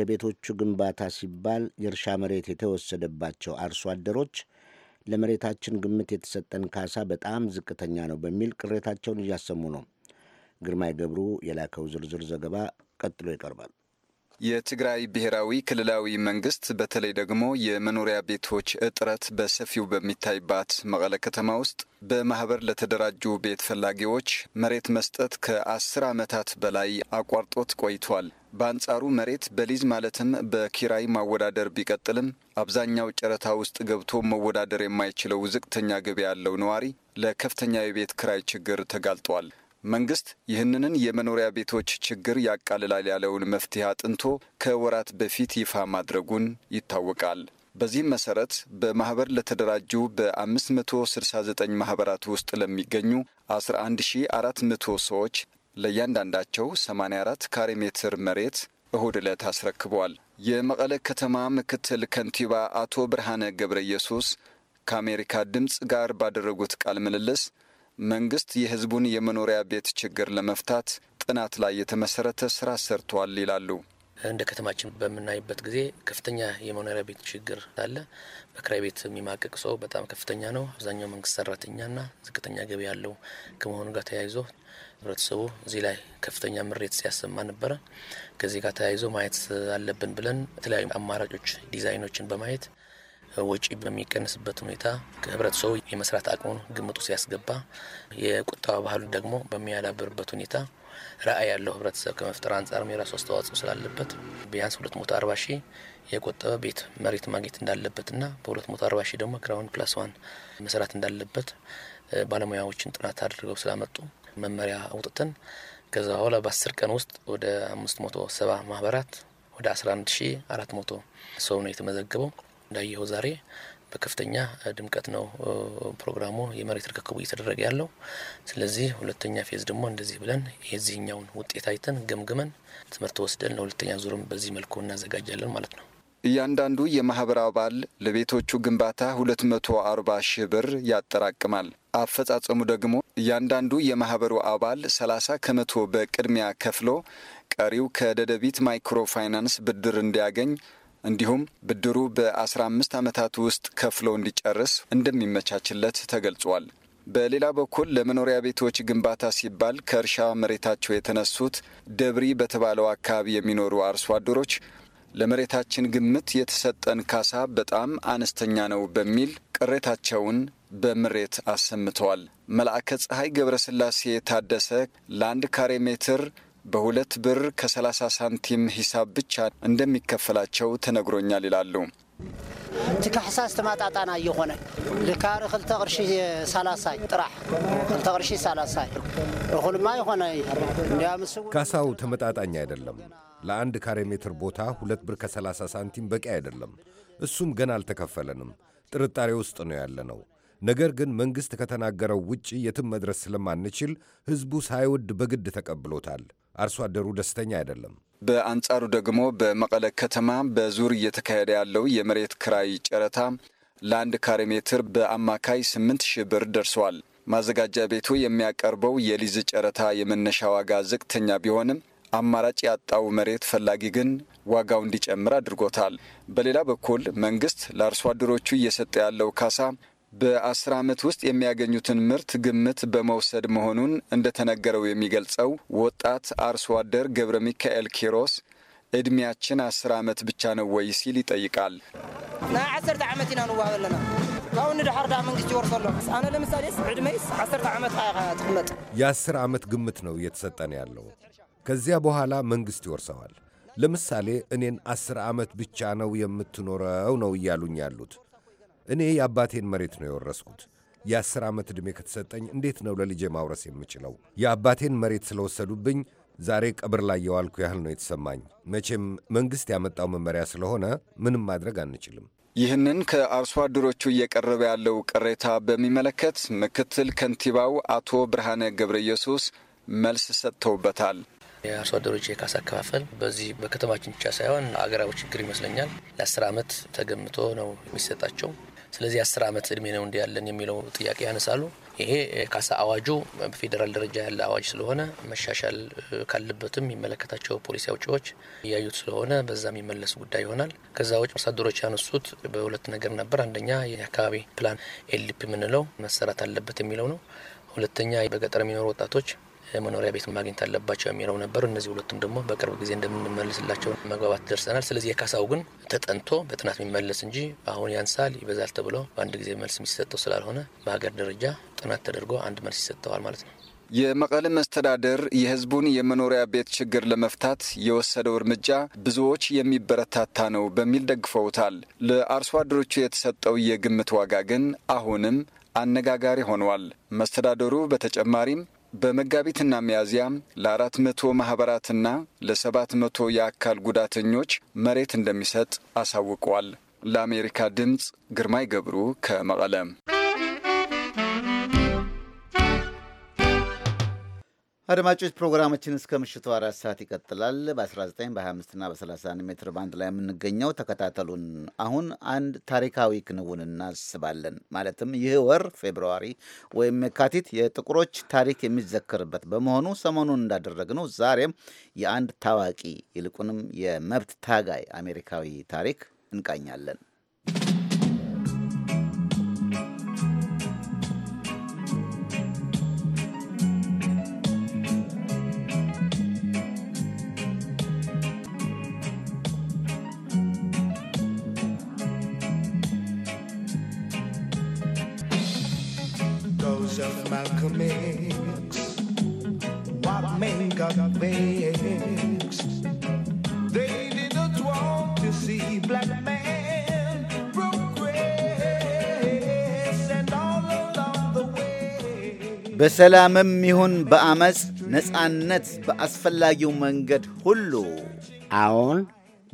ለቤቶቹ ግንባታ ሲባል የእርሻ መሬት የተወሰደባቸው አርሶ አደሮች ለመሬታችን ግምት የተሰጠን ካሳ በጣም ዝቅተኛ ነው በሚል ቅሬታቸውን እያሰሙ ነው። ግርማይ ገብሩ የላከው ዝርዝር ዘገባ ቀጥሎ ይቀርባል። የትግራይ ብሔራዊ ክልላዊ መንግስት በተለይ ደግሞ የመኖሪያ ቤቶች እጥረት በሰፊው በሚታይባት መቀለ ከተማ ውስጥ በማህበር ለተደራጁ ቤት ፈላጊዎች መሬት መስጠት ከአስር ዓመታት በላይ አቋርጦት ቆይቷል። በአንጻሩ መሬት በሊዝ ማለትም በኪራይ ማወዳደር ቢቀጥልም አብዛኛው ጨረታ ውስጥ ገብቶ መወዳደር የማይችለው ዝቅተኛ ገቢ ያለው ነዋሪ ለከፍተኛ የቤት ክራይ ችግር ተጋልጧል። መንግስት ይህንን የመኖሪያ ቤቶች ችግር ያቃልላል ያለውን መፍትሄ አጥንቶ ከወራት በፊት ይፋ ማድረጉን ይታወቃል። በዚህም መሰረት በማህበር ለተደራጁ በ569 ማህበራት ውስጥ ለሚገኙ 11400 ሰዎች ለእያንዳንዳቸው 84 ካሬ ሜትር መሬት እሁድ ዕለት አስረክቧል። የመቀለ ከተማ ምክትል ከንቲባ አቶ ብርሃነ ገብረ ኢየሱስ ከአሜሪካ ድምፅ ጋር ባደረጉት ቃለ ምልልስ መንግስት የህዝቡን የመኖሪያ ቤት ችግር ለመፍታት ጥናት ላይ የተመሰረተ ስራ ሰርቷል ይላሉ። እንደ ከተማችን በምናይበት ጊዜ ከፍተኛ የመኖሪያ ቤት ችግር አለ። በክራይ ቤት የሚማቀቅ ሰው በጣም ከፍተኛ ነው። አብዛኛው መንግስት ሰራተኛና ዝቅተኛ ገቢ ያለው ከመሆኑ ጋር ተያይዞ ህብረተሰቡ እዚህ ላይ ከፍተኛ ምሬት ሲያሰማ ነበረ። ከዚህ ጋር ተያይዞ ማየት አለብን ብለን የተለያዩ አማራጮች ዲዛይኖችን በማየት ወጪ በሚቀንስበት ሁኔታ ህብረተሰቡ የመስራት አቅሙን ግምጡ ሲያስገባ የቁጠባ ባህሉን ደግሞ በሚያዳብርበት ሁኔታ ራዕይ ያለው ህብረተሰብ ከመፍጠር አንጻር የራሱ አስተዋጽኦ ስላለበት ቢያንስ ሁለት መቶ አርባ ሺህ የቆጠበ ቤት መሬት ማግኘት ና በሁለት መቶ አርባ ሺህ ደግሞ ግራውንድ ፕላስ ዋን መስራት እንዳለበት ባለሙያዎችን ጥናት አድርገው ስላመጡ መመሪያ አውጥተን ከዛ በኋላ በአስር ቀን ውስጥ ወደ አምስት መቶ ሰባ ማህበራት ወደ አስራ አንድ ሺህ አራት መቶ ሰው ነው የተመዘገበው። እንዳየው ዛሬ በከፍተኛ ድምቀት ነው ፕሮግራሙ የመሬት ርክክቡ እየተደረገ ያለው። ስለዚህ ሁለተኛ ፌዝ ደግሞ እንደዚህ ብለን የዚህኛውን ውጤት አይተን ገምግመን ትምህርት ወስደን ለሁለተኛ ዙርም በዚህ መልኩ እናዘጋጃለን ማለት ነው። እያንዳንዱ የማህበር አባል ለቤቶቹ ግንባታ 240 ሺህ ብር ያጠራቅማል። አፈጻጸሙ ደግሞ እያንዳንዱ የማህበሩ አባል 30 ከመቶ በቅድሚያ ከፍሎ ቀሪው ከደደቢት ማይክሮ ፋይናንስ ብድር እንዲያገኝ እንዲሁም ብድሩ በ15 ዓመታት ውስጥ ከፍሎ እንዲጨርስ እንደሚመቻችለት ተገልጿል። በሌላ በኩል ለመኖሪያ ቤቶች ግንባታ ሲባል ከእርሻ መሬታቸው የተነሱት ደብሪ በተባለው አካባቢ የሚኖሩ አርሶ አደሮች ለመሬታችን ግምት የተሰጠን ካሳ በጣም አነስተኛ ነው በሚል ቅሬታቸውን በምሬት አሰምተዋል። መልአከ ፀሐይ ገብረስላሴ ታደሰ ለአንድ ካሬ ሜትር በሁለት ብር ከ30 ሳንቲም ሂሳብ ብቻ እንደሚከፈላቸው ተነግሮኛል ይላሉ። እቲ ካሕሳስ ተማጣጣና እየኾነ ልካር ክልተ ቅርሺ ሳላሳይ ጥራሕ ክልተ ቅርሺ ሳላሳይ እኹልማ ይኾነ እንዲያምስ ካሳው ተመጣጣኝ አይደለም። ለአንድ ካሬ ሜትር ቦታ ሁለት ብር ከ30 ሳንቲም በቂ አይደለም። እሱም ገና አልተከፈለንም። ጥርጣሬ ውስጥ ነው ያለ ነው። ነገር ግን መንግሥት ከተናገረው ውጪ የትም መድረስ ስለማንችል ሕዝቡ ሳይወድ በግድ ተቀብሎታል። አርሶ አደሩ ደስተኛ አይደለም። በአንጻሩ ደግሞ በመቀለ ከተማ በዙር እየተካሄደ ያለው የመሬት ክራይ ጨረታ ለአንድ ካሬ ሜትር በአማካይ 8 ሺህ ብር ደርሷል። ማዘጋጃ ቤቱ የሚያቀርበው የሊዝ ጨረታ የመነሻ ዋጋ ዝቅተኛ ቢሆንም አማራጭ ያጣው መሬት ፈላጊ ግን ዋጋው እንዲጨምር አድርጎታል። በሌላ በኩል መንግስት ለአርሶ አደሮቹ እየሰጠ ያለው ካሳ በአስር ዓመት ውስጥ የሚያገኙትን ምርት ግምት በመውሰድ መሆኑን እንደተነገረው የሚገልጸው ወጣት አርሶ አደር ገብረ ሚካኤል ኪሮስ እድሜያችን አስር ዓመት ብቻ ነው ወይ ሲል ይጠይቃል። ናይ ዓሰርተ ዓመት ኢና ንዋሃብ ኣለና ካብኡ ንድሓር ዳ መንግስቲ ይወርሶሎ ኣነ ለምሳሌ ዕድመይስ ዓሰርተ ዓመት ትቅመጥ የአስር ዓመት ግምት ነው እየተሰጠን ያለው። ከዚያ በኋላ መንግሥት ይወርሰዋል። ለምሳሌ እኔን ዐሥር ዓመት ብቻ ነው የምትኖረው ነው እያሉኝ ያሉት እኔ የአባቴን መሬት ነው የወረስኩት። የአስር ዓመት ዕድሜ ከተሰጠኝ እንዴት ነው ለልጄ ማውረስ የምችለው? የአባቴን መሬት ስለወሰዱብኝ ዛሬ ቀብር ላይ የዋልኩ ያህል ነው የተሰማኝ። መቼም መንግሥት ያመጣው መመሪያ ስለሆነ ምንም ማድረግ አንችልም። ይህንን ከአርሶ አደሮቹ እየቀረበ ያለው ቅሬታ በሚመለከት ምክትል ከንቲባው አቶ ብርሃነ ገብረ ኢየሱስ መልስ ሰጥተውበታል። የአርሶ አደሮች የካሳ አከፋፈል በዚህ በከተማችን ብቻ ሳይሆን አገራዊ ችግር ይመስለኛል። ለአስር ዓመት ተገምቶ ነው የሚሰጣቸው። ስለዚህ አስር ዓመት እድሜ ነው እንዲ ያለን የሚለው ጥያቄ ያነሳሉ። ይሄ ካሳ አዋጁ በፌዴራል ደረጃ ያለ አዋጅ ስለሆነ መሻሻል ካለበትም የሚመለከታቸው ፖሊሲ አውጪዎች እያዩት ስለሆነ በዛ የሚመለስ ጉዳይ ይሆናል። ከዛ ውጭ አምባሳደሮች ያነሱት በሁለት ነገር ነበር። አንደኛ የአካባቢ ፕላን ኤልዲፒ የምንለው መሰራት አለበት የሚለው ነው። ሁለተኛ በገጠር የሚኖሩ ወጣቶች መኖሪያ ቤት ማግኘት አለባቸው የሚለው ነበር። እነዚህ ሁለቱም ደግሞ በቅርብ ጊዜ እንደምንመልስላቸው መግባባት ደርሰናል። ስለዚህ የካሳው ግን ተጠንቶ በጥናት የሚመለስ እንጂ አሁን ያንሳል ይበዛል ተብሎ በአንድ ጊዜ መልስ የሚሰጠው ስላልሆነ በሀገር ደረጃ ጥናት ተደርጎ አንድ መልስ ይሰጠዋል ማለት ነው። የመቀለ መስተዳደር የሕዝቡን የመኖሪያ ቤት ችግር ለመፍታት የወሰደው እርምጃ ብዙዎች የሚበረታታ ነው በሚል ደግፈውታል። ለአርሶ አደሮቹ የተሰጠው የግምት ዋጋ ግን አሁንም አነጋጋሪ ሆኗል። መስተዳደሩ በተጨማሪም በመጋቢትና ሚያዝያ ለአራት መቶ ማኅበራትና ለሰባት መቶ የአካል ጉዳተኞች መሬት እንደሚሰጥ አሳውቋል። ለአሜሪካ ድምፅ ግርማይ ገብሩ ከመቐለም አድማጮች ፕሮግራማችን እስከ ምሽቱ አራት ሰዓት ይቀጥላል። በ19 በ25 እና በ31 ሜትር ባንድ ላይ የምንገኘው ተከታተሉን። አሁን አንድ ታሪካዊ ክንውን እናስባለን። ማለትም ይህ ወር ፌብርዋሪ ወይም የካቲት የጥቁሮች ታሪክ የሚዘከርበት በመሆኑ ሰሞኑን እንዳደረግነው ዛሬም የአንድ ታዋቂ ይልቁንም የመብት ታጋይ አሜሪካዊ ታሪክ እንቃኛለን። got vexed. They did not want to see black men progress and all along the way. በሰላምም ይሁን በአመፅ ነፃነት በአስፈላጊው መንገድ ሁሉ። አዎን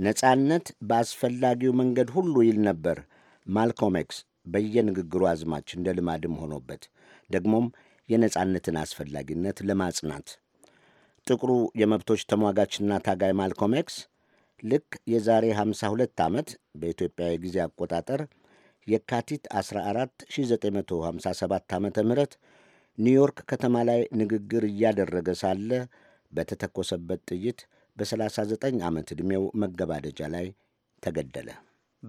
ነፃነት በአስፈላጊው መንገድ ሁሉ ይል ነበር ማልኮም ኤክስ በየንግግሩ አዝማች እንደ ልማድም ሆኖበት ደግሞም የነፃነትን አስፈላጊነት ለማጽናት ጥቁሩ የመብቶች ተሟጋችና ታጋይ ማልኮም ኤክስ ልክ የዛሬ 52 ዓመት በኢትዮጵያ የጊዜ አቆጣጠር የካቲት 14 1957 ዓ ም ኒውዮርክ ከተማ ላይ ንግግር እያደረገ ሳለ በተተኮሰበት ጥይት በ39 ዓመት ዕድሜው መገባደጃ ላይ ተገደለ።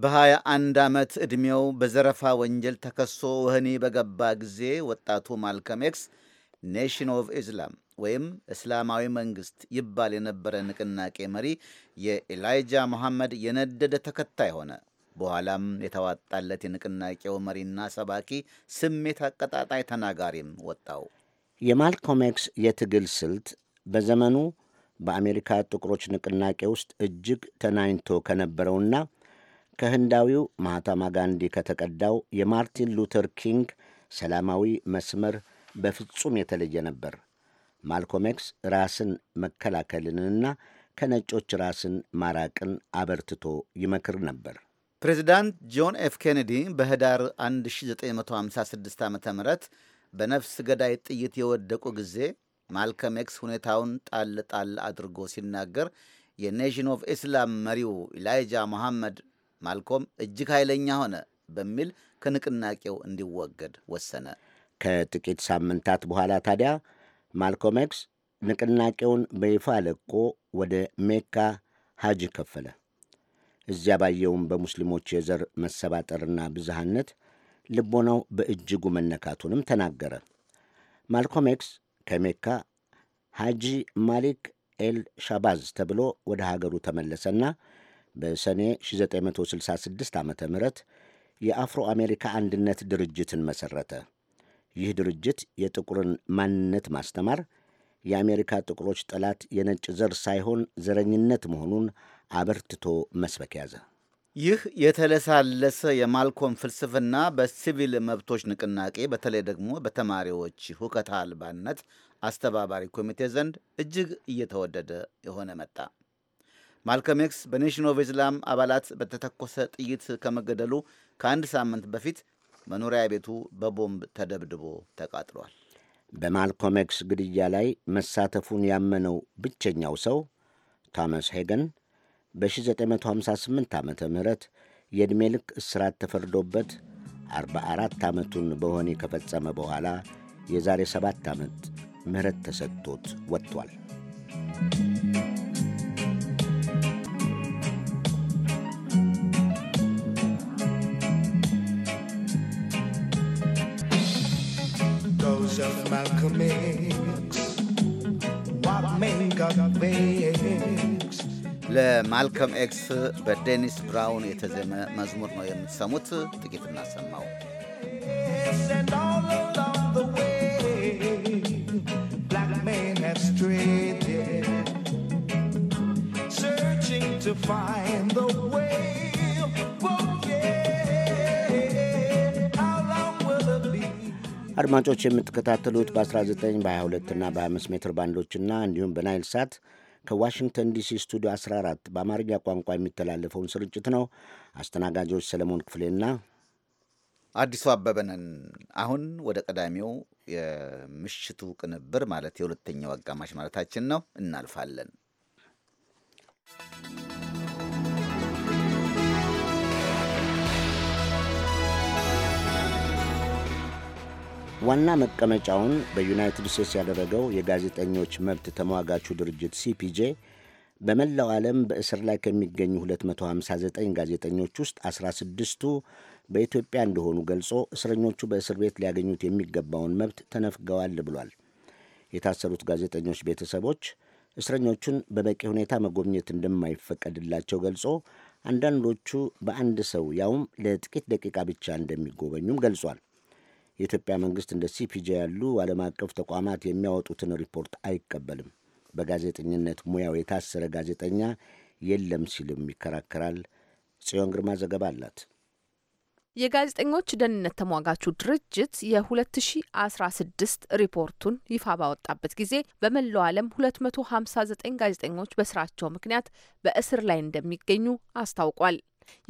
በ21 ዓመት ዕድሜው በዘረፋ ወንጀል ተከሶ ወህኒ በገባ ጊዜ ወጣቱ ማልከም ኤክስ ኔሽን ኦፍ ኢስላም ወይም እስላማዊ መንግስት ይባል የነበረ ንቅናቄ መሪ የኤላይጃ መሐመድ የነደደ ተከታይ ሆነ። በኋላም የተዋጣለት የንቅናቄው መሪና ሰባኪ ስሜት አቀጣጣይ ተናጋሪም ወጣው። የማልኮም ኤክስ የትግል ስልት በዘመኑ በአሜሪካ ጥቁሮች ንቅናቄ ውስጥ እጅግ ተናኝቶ ከነበረውና ከህንዳዊው ማህታማ ጋንዲ ከተቀዳው የማርቲን ሉተር ኪንግ ሰላማዊ መስመር በፍጹም የተለየ ነበር። ማልኮም ኤክስ ራስን መከላከልንና ከነጮች ራስን ማራቅን አበርትቶ ይመክር ነበር። ፕሬዚዳንት ጆን ኤፍ ኬኔዲ በህዳር 1956 ዓ ም በነፍስ ገዳይ ጥይት የወደቁ ጊዜ ማልኮም ኤክስ ሁኔታውን ጣል ጣል አድርጎ ሲናገር የኔሽን ኦፍ ኢስላም መሪው ኢላይጃ መሐመድ ማልኮም እጅግ ኃይለኛ ሆነ በሚል ከንቅናቄው እንዲወገድ ወሰነ። ከጥቂት ሳምንታት በኋላ ታዲያ ማልኮም ኤክስ ንቅናቄውን በይፋ ለቆ ወደ ሜካ ሐጅ ከፈለ። እዚያ ባየውም በሙስሊሞች የዘር መሰባጠርና ብዝሃነት ልቦናው በእጅጉ መነካቱንም ተናገረ። ማልኮም ኤክስ ከሜካ ሐጂ ማሊክ ኤል ሻባዝ ተብሎ ወደ ሀገሩ ተመለሰና በሰኔ 1966 ዓ ም የአፍሮ አሜሪካ አንድነት ድርጅትን መሠረተ። ይህ ድርጅት የጥቁርን ማንነት ማስተማር የአሜሪካ ጥቁሮች ጠላት የነጭ ዘር ሳይሆን ዘረኝነት መሆኑን አበርትቶ መስበክ ያዘ። ይህ የተለሳለሰ የማልኮም ፍልስፍና በሲቪል መብቶች ንቅናቄ በተለይ ደግሞ በተማሪዎች ሁከት አልባነት አስተባባሪ ኮሚቴ ዘንድ እጅግ እየተወደደ የሆነ መጣ። ማልኮም ኤክስ በኔሽን ኦፍ ኢስላም አባላት በተተኮሰ ጥይት ከመገደሉ ከአንድ ሳምንት በፊት መኖሪያ ቤቱ በቦምብ ተደብድቦ ተቃጥሏል። በማልኮም ግድያ ላይ መሳተፉን ያመነው ብቸኛው ሰው ቶማስ ሄገን በ1958 ዓ ም የዕድሜ ልክ እስራት ተፈርዶበት 44 ዓመቱን በሆኔ ከፈጸመ በኋላ የዛሬ ሰባት ዓመት ምህረት ተሰጥቶት ወጥቷል። ለማልከም ኤክስ በዴኒስ ብራውን የተዘመ መዝሙር ነው የምትሰሙት። ጥቂት እናሰማው። Searching to find the way, oh yeah. አድማጮች የምትከታተሉት በ19 በ22 እና በ25 ሜትር ባንዶችና እንዲሁም በናይል ሳት ከዋሽንግተን ዲሲ ስቱዲዮ 14 በአማርኛ ቋንቋ የሚተላለፈውን ስርጭት ነው። አስተናጋጆች ሰለሞን ክፍሌና አዲሱ አበበነን። አሁን ወደ ቀዳሚው የምሽቱ ቅንብር ማለት የሁለተኛው አጋማሽ ማለታችን ነው እናልፋለን። ዋና መቀመጫውን በዩናይትድ ስቴትስ ያደረገው የጋዜጠኞች መብት ተሟጋቹ ድርጅት ሲፒጄ በመላው ዓለም በእስር ላይ ከሚገኙ 259 ጋዜጠኞች ውስጥ 16ቱ በኢትዮጵያ እንደሆኑ ገልጾ እስረኞቹ በእስር ቤት ሊያገኙት የሚገባውን መብት ተነፍገዋል ብሏል። የታሰሩት ጋዜጠኞች ቤተሰቦች እስረኞቹን በበቂ ሁኔታ መጎብኘት እንደማይፈቀድላቸው ገልጾ አንዳንዶቹ በአንድ ሰው ያውም ለጥቂት ደቂቃ ብቻ እንደሚጎበኙም ገልጿል። የኢትዮጵያ መንግስት እንደ ሲፒጄ ያሉ ዓለም አቀፍ ተቋማት የሚያወጡትን ሪፖርት አይቀበልም። በጋዜጠኝነት ሙያው የታሰረ ጋዜጠኛ የለም ሲልም ይከራከራል። ጽዮን ግርማ ዘገባ አላት። የጋዜጠኞች ደህንነት ተሟጋቹ ድርጅት የ2016 ሪፖርቱን ይፋ ባወጣበት ጊዜ በመላው ዓለም 259 ጋዜጠኞች በስራቸው ምክንያት በእስር ላይ እንደሚገኙ አስታውቋል።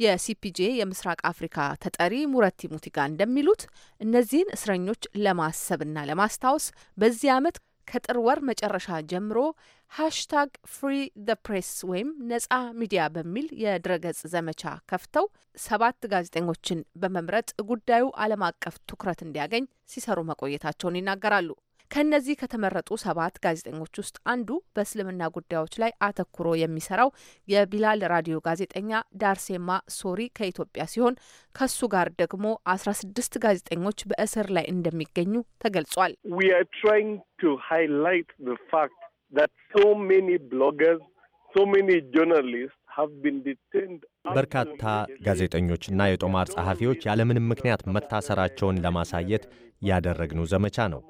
የሲፒጄ የምስራቅ አፍሪካ ተጠሪ ሙረቲ ሙቲጋ እንደሚሉት እነዚህን እስረኞች ለማሰብና ለማስታወስ በዚህ ዓመት ከጥር ወር መጨረሻ ጀምሮ ሃሽታግ ፍሪ ዘ ፕሬስ ወይም ነጻ ሚዲያ በሚል የድረገጽ ዘመቻ ከፍተው ሰባት ጋዜጠኞችን በመምረጥ ጉዳዩ ዓለም አቀፍ ትኩረት እንዲያገኝ ሲሰሩ መቆየታቸውን ይናገራሉ። ከእነዚህ ከተመረጡ ሰባት ጋዜጠኞች ውስጥ አንዱ በእስልምና ጉዳዮች ላይ አተኩሮ የሚሰራው የቢላል ራዲዮ ጋዜጠኛ ዳርሴማ ሶሪ ከኢትዮጵያ ሲሆን ከሱ ጋር ደግሞ አስራ ስድስት ጋዜጠኞች በእስር ላይ እንደሚገኙ ተገልጿል። በርካታ ጋዜጠኞችና የጦማር ጸሐፊዎች ያለምንም ምክንያት መታሰራቸውን ለማሳየት ያደረግነው ዘመቻ ነው።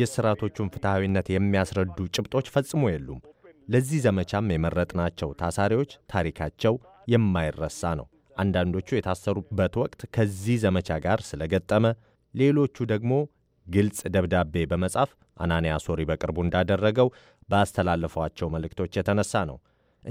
የስራቶቹን ፍትሐዊነት የሚያስረዱ ጭብጦች ፈጽሞ የሉም። ለዚህ ዘመቻም የመረጥናቸው ታሳሪዎች ታሪካቸው የማይረሳ ነው። አንዳንዶቹ የታሰሩበት ወቅት ከዚህ ዘመቻ ጋር ስለገጠመ፣ ሌሎቹ ደግሞ ግልጽ ደብዳቤ በመጻፍ አናንያ ሶሪ በቅርቡ እንዳደረገው ባስተላለፏቸው መልእክቶች የተነሳ ነው።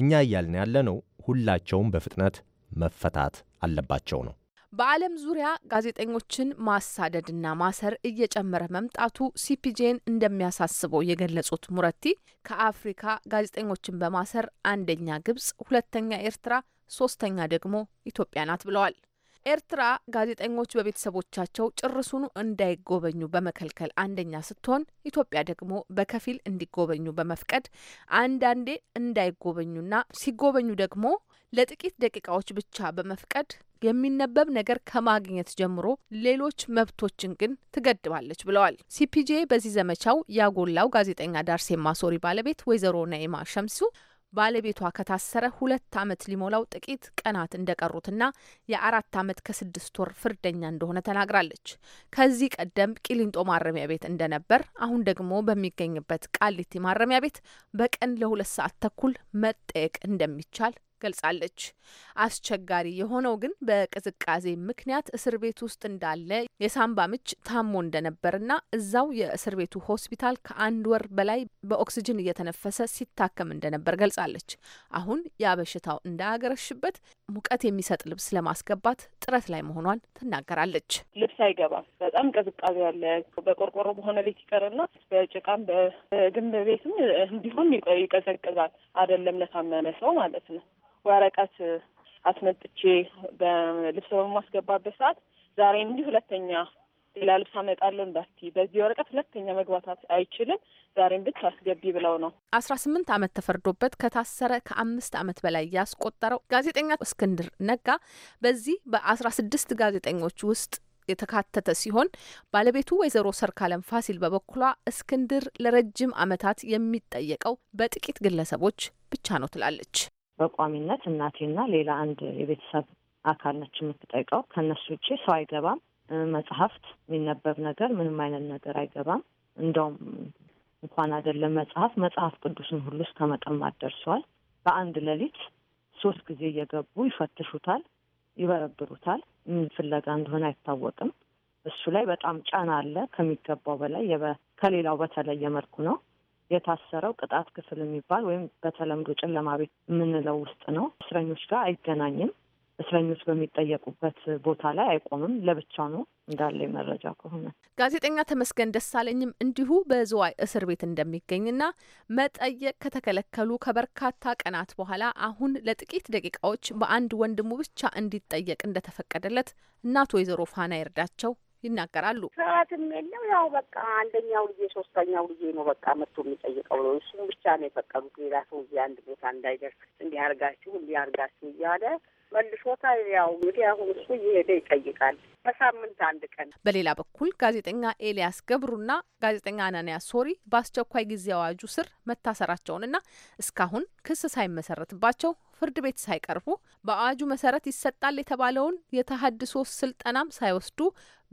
እኛ እያልን ያለነው ሁላቸውም በፍጥነት መፈታት አለባቸው ነው። በዓለም ዙሪያ ጋዜጠኞችን ማሳደድና ማሰር እየጨመረ መምጣቱ ሲፒጄን እንደሚያሳስበው የገለጹት ሙረቲ ከአፍሪካ ጋዜጠኞችን በማሰር አንደኛ ግብጽ፣ ሁለተኛ ኤርትራ፣ ሶስተኛ ደግሞ ኢትዮጵያ ናት ብለዋል። ኤርትራ ጋዜጠኞች በቤተሰቦቻቸው ጭርሱኑ እንዳይጎበኙ በመከልከል አንደኛ ስትሆን ኢትዮጵያ ደግሞ በከፊል እንዲጎበኙ በመፍቀድ አንዳንዴ እንዳይጎበኙና ሲጎበኙ ደግሞ ለጥቂት ደቂቃዎች ብቻ በመፍቀድ የሚነበብ ነገር ከማግኘት ጀምሮ ሌሎች መብቶችን ግን ትገድባለች ብለዋል። ሲፒጄ በዚህ ዘመቻው ያጎላው ጋዜጠኛ ዳርሴ ማሶሪ ባለቤት ወይዘሮ ነኢማ ሸምሱ ባለቤቷ ከታሰረ ሁለት ዓመት ሊሞላው ጥቂት ቀናት እንደቀሩትና የአራት ዓመት ከስድስት ወር ፍርደኛ እንደሆነ ተናግራለች። ከዚህ ቀደም ቂሊንጦ ማረሚያ ቤት እንደነበር አሁን ደግሞ በሚገኝበት ቃሊቲ ማረሚያ ቤት በቀን ለሁለት ሰዓት ተኩል መጠየቅ እንደሚቻል ገልጻለች። አስቸጋሪ የሆነው ግን በቅዝቃዜ ምክንያት እስር ቤት ውስጥ እንዳለ የሳምባ ምች ታሞ እንደነበርና እዛው የእስር ቤቱ ሆስፒታል ከአንድ ወር በላይ በኦክስጅን እየተነፈሰ ሲታከም እንደነበር ገልጻለች። አሁን ያ በሽታው እንዳያገረሽበት ሙቀት የሚሰጥ ልብስ ለማስገባት ጥረት ላይ መሆኗን ትናገራለች። ልብስ አይገባም፣ በጣም ቅዝቃዜ ያለ በቆርቆሮ በሆነ ቤት ይቀርና በጭቃም በግንብ ቤትም እንዲሁም ይቀዘቅዛል። አይደለም ለታመመ ሰው ማለት ነው። ወረቀት አስመጥቼ በልብስ በማስገባበት ሰዓት ዛሬ እንዲህ ሁለተኛ ሌላ ልብስ አመጣለሁ እንዳትዪ፣ በዚህ ወረቀት ሁለተኛ መግባታት አይችልም፣ ዛሬም ብቻ አስገቢ ብለው ነው። አስራ ስምንት ዓመት ተፈርዶበት ከታሰረ ከአምስት ዓመት በላይ ያስቆጠረው ጋዜጠኛ እስክንድር ነጋ በዚህ በአስራ ስድስት ጋዜጠኞች ውስጥ የተካተተ ሲሆን ባለቤቱ ወይዘሮ ሰርካለም ፋሲል በበኩሏ እስክንድር ለረጅም አመታት የሚጠየቀው በጥቂት ግለሰቦች ብቻ ነው ትላለች። በቋሚነት እናቴና ሌላ አንድ የቤተሰብ አካል ነች የምትጠይቀው። ከእነሱ ውጭ ሰው አይገባም። መጽሐፍት፣ የሚነበብ ነገር፣ ምንም አይነት ነገር አይገባም። እንደውም እንኳን አይደለም መጽሐፍ መጽሐፍ ቅዱስን ሁሉ እስከ መቀማት ደርሰዋል። በአንድ ሌሊት ሶስት ጊዜ እየገቡ ይፈትሹታል፣ ይበረብሩታል። ምን ፍለጋ እንደሆነ አይታወቅም። እሱ ላይ በጣም ጫና አለ። ከሚገባው በላይ ከሌላው በተለየ መልኩ ነው። የታሰረው ቅጣት ክፍል የሚባል ወይም በተለምዶ ጨለማ ቤት የምንለው ውስጥ ነው። እስረኞች ጋር አይገናኝም። እስረኞች በሚጠየቁበት ቦታ ላይ አይቆምም። ለብቻ ነው እንዳለ መረጃ ከሆነ ጋዜጠኛ ተመስገን ደሳለኝም እንዲሁ በዝዋይ እስር ቤት እንደሚገኝና መጠየቅ ከተከለከሉ ከበርካታ ቀናት በኋላ አሁን ለጥቂት ደቂቃዎች በአንድ ወንድሙ ብቻ እንዲጠየቅ እንደተፈቀደለት እናቱ ወይዘሮ ፋና ይርዳቸው ይናገራሉ። ስርዓትም የለም። ያው በቃ አንደኛው ልጄ ሶስተኛው ልጄ ነው በቃ መጥቶ የሚጠይቀው ነው። እሱም ብቻ ነው የፈቀዱት። ሌላ ሰው እዚህ አንድ ቦታ እንዳይደርስ እንዲያርጋችሁ እንዲያርጋችሁ እያለ መልሶታ። ያው እንግዲህ አሁን እሱ እየሄደ ይጠይቃል በሳምንት አንድ ቀን። በሌላ በኩል ጋዜጠኛ ኤልያስ ገብሩና ጋዜጠኛ አናንያ ሶሪ በአስቸኳይ ጊዜ አዋጁ ስር መታሰራቸውንና እስካሁን ክስ ሳይመሰረትባቸው ፍርድ ቤት ሳይቀርቡ በአዋጁ መሰረት ይሰጣል የተባለውን የተሀድሶ ስልጠናም ሳይወስዱ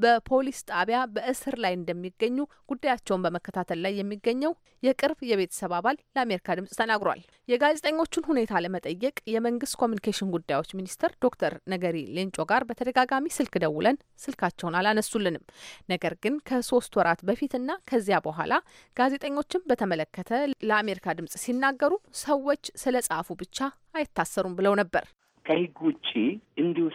በፖሊስ ጣቢያ በእስር ላይ እንደሚገኙ ጉዳያቸውን በመከታተል ላይ የሚገኘው የቅርብ የቤተሰብ አባል ለአሜሪካ ድምጽ ተናግሯል። የጋዜጠኞቹን ሁኔታ ለመጠየቅ የመንግስት ኮሚኒኬሽን ጉዳዮች ሚኒስትር ዶክተር ነገሪ ሌንጮ ጋር በተደጋጋሚ ስልክ ደውለን ስልካቸውን አላነሱልንም። ነገር ግን ከሶስት ወራት በፊትና ከዚያ በኋላ ጋዜጠኞችን በተመለከተ ለአሜሪካ ድምጽ ሲናገሩ ሰዎች ስለ ጻፉ ብቻ አይታሰሩም ብለው ነበር። ከህግ ውጪ እንዲሁ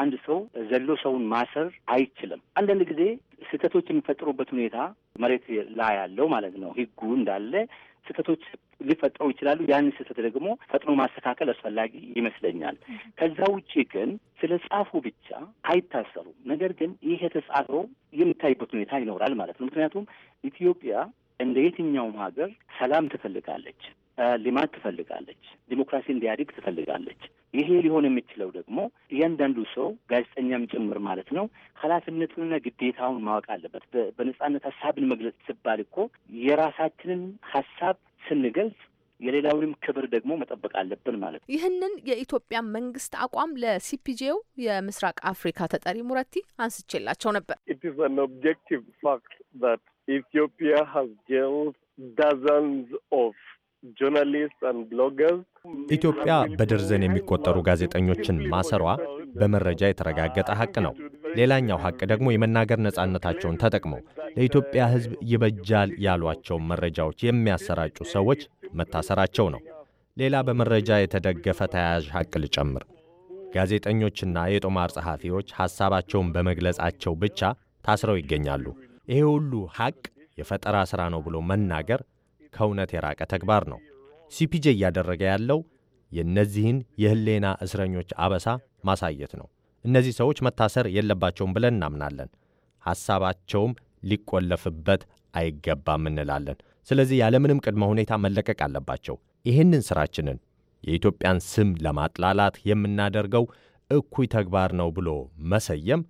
አንድ ሰው ዘሎ ሰውን ማሰር አይችልም። አንዳንድ ጊዜ ስህተቶች የሚፈጥሩበት ሁኔታ መሬት ላይ ያለው ማለት ነው ህጉ እንዳለ ስህተቶች ሊፈጠሩ ይችላሉ። ያንን ስህተት ደግሞ ፈጥኖ ማስተካከል አስፈላጊ ይመስለኛል። ከዛ ውጭ ግን ስለ ጻፉ ብቻ አይታሰሩም። ነገር ግን ይህ የተጻፈው የሚታይበት ሁኔታ ይኖራል ማለት ነው። ምክንያቱም ኢትዮጵያ እንደ የትኛውም ሀገር ሰላም ትፈልጋለች፣ ልማት ትፈልጋለች፣ ዲሞክራሲ እንዲያድግ ትፈልጋለች። ይሄ ሊሆን የሚችለው ደግሞ እያንዳንዱ ሰው ጋዜጠኛም ጭምር ማለት ነው ኃላፊነቱንና ግዴታውን ማወቅ አለበት። በነጻነት ሀሳብን መግለጽ ሲባል እኮ የራሳችንን ሀሳብ ስንገልጽ የሌላውንም ክብር ደግሞ መጠበቅ አለብን ማለት ነው። ይህንን የኢትዮጵያ መንግስት አቋም ለሲፒጄው የምስራቅ አፍሪካ ተጠሪ ሙረቲ አንስቼላቸው ነበር። Ethiopia has jailed dozens of ኢትዮጵያ በደርዘን የሚቆጠሩ ጋዜጠኞችን ማሰሯ በመረጃ የተረጋገጠ ሐቅ ነው። ሌላኛው ሐቅ ደግሞ የመናገር ነጻነታቸውን ተጠቅመው ለኢትዮጵያ ሕዝብ ይበጃል ያሏቸውን መረጃዎች የሚያሰራጩ ሰዎች መታሰራቸው ነው። ሌላ በመረጃ የተደገፈ ተያያዥ ሐቅ ልጨምር። ጋዜጠኞችና የጦማር ጸሐፊዎች ሐሳባቸውን በመግለጻቸው ብቻ ታስረው ይገኛሉ። ይሄ ሁሉ ሐቅ የፈጠራ ሥራ ነው ብሎ መናገር ከእውነት የራቀ ተግባር ነው። ሲፒጄ እያደረገ ያለው የእነዚህን የህሌና እስረኞች አበሳ ማሳየት ነው። እነዚህ ሰዎች መታሰር የለባቸውም ብለን እናምናለን። ሐሳባቸውም ሊቆለፍበት አይገባም እንላለን። ስለዚህ ያለምንም ቅድመ ሁኔታ መለቀቅ አለባቸው። ይህንን ሥራችንን የኢትዮጵያን ስም ለማጥላላት የምናደርገው እኩይ ተግባር ነው ብሎ መሰየም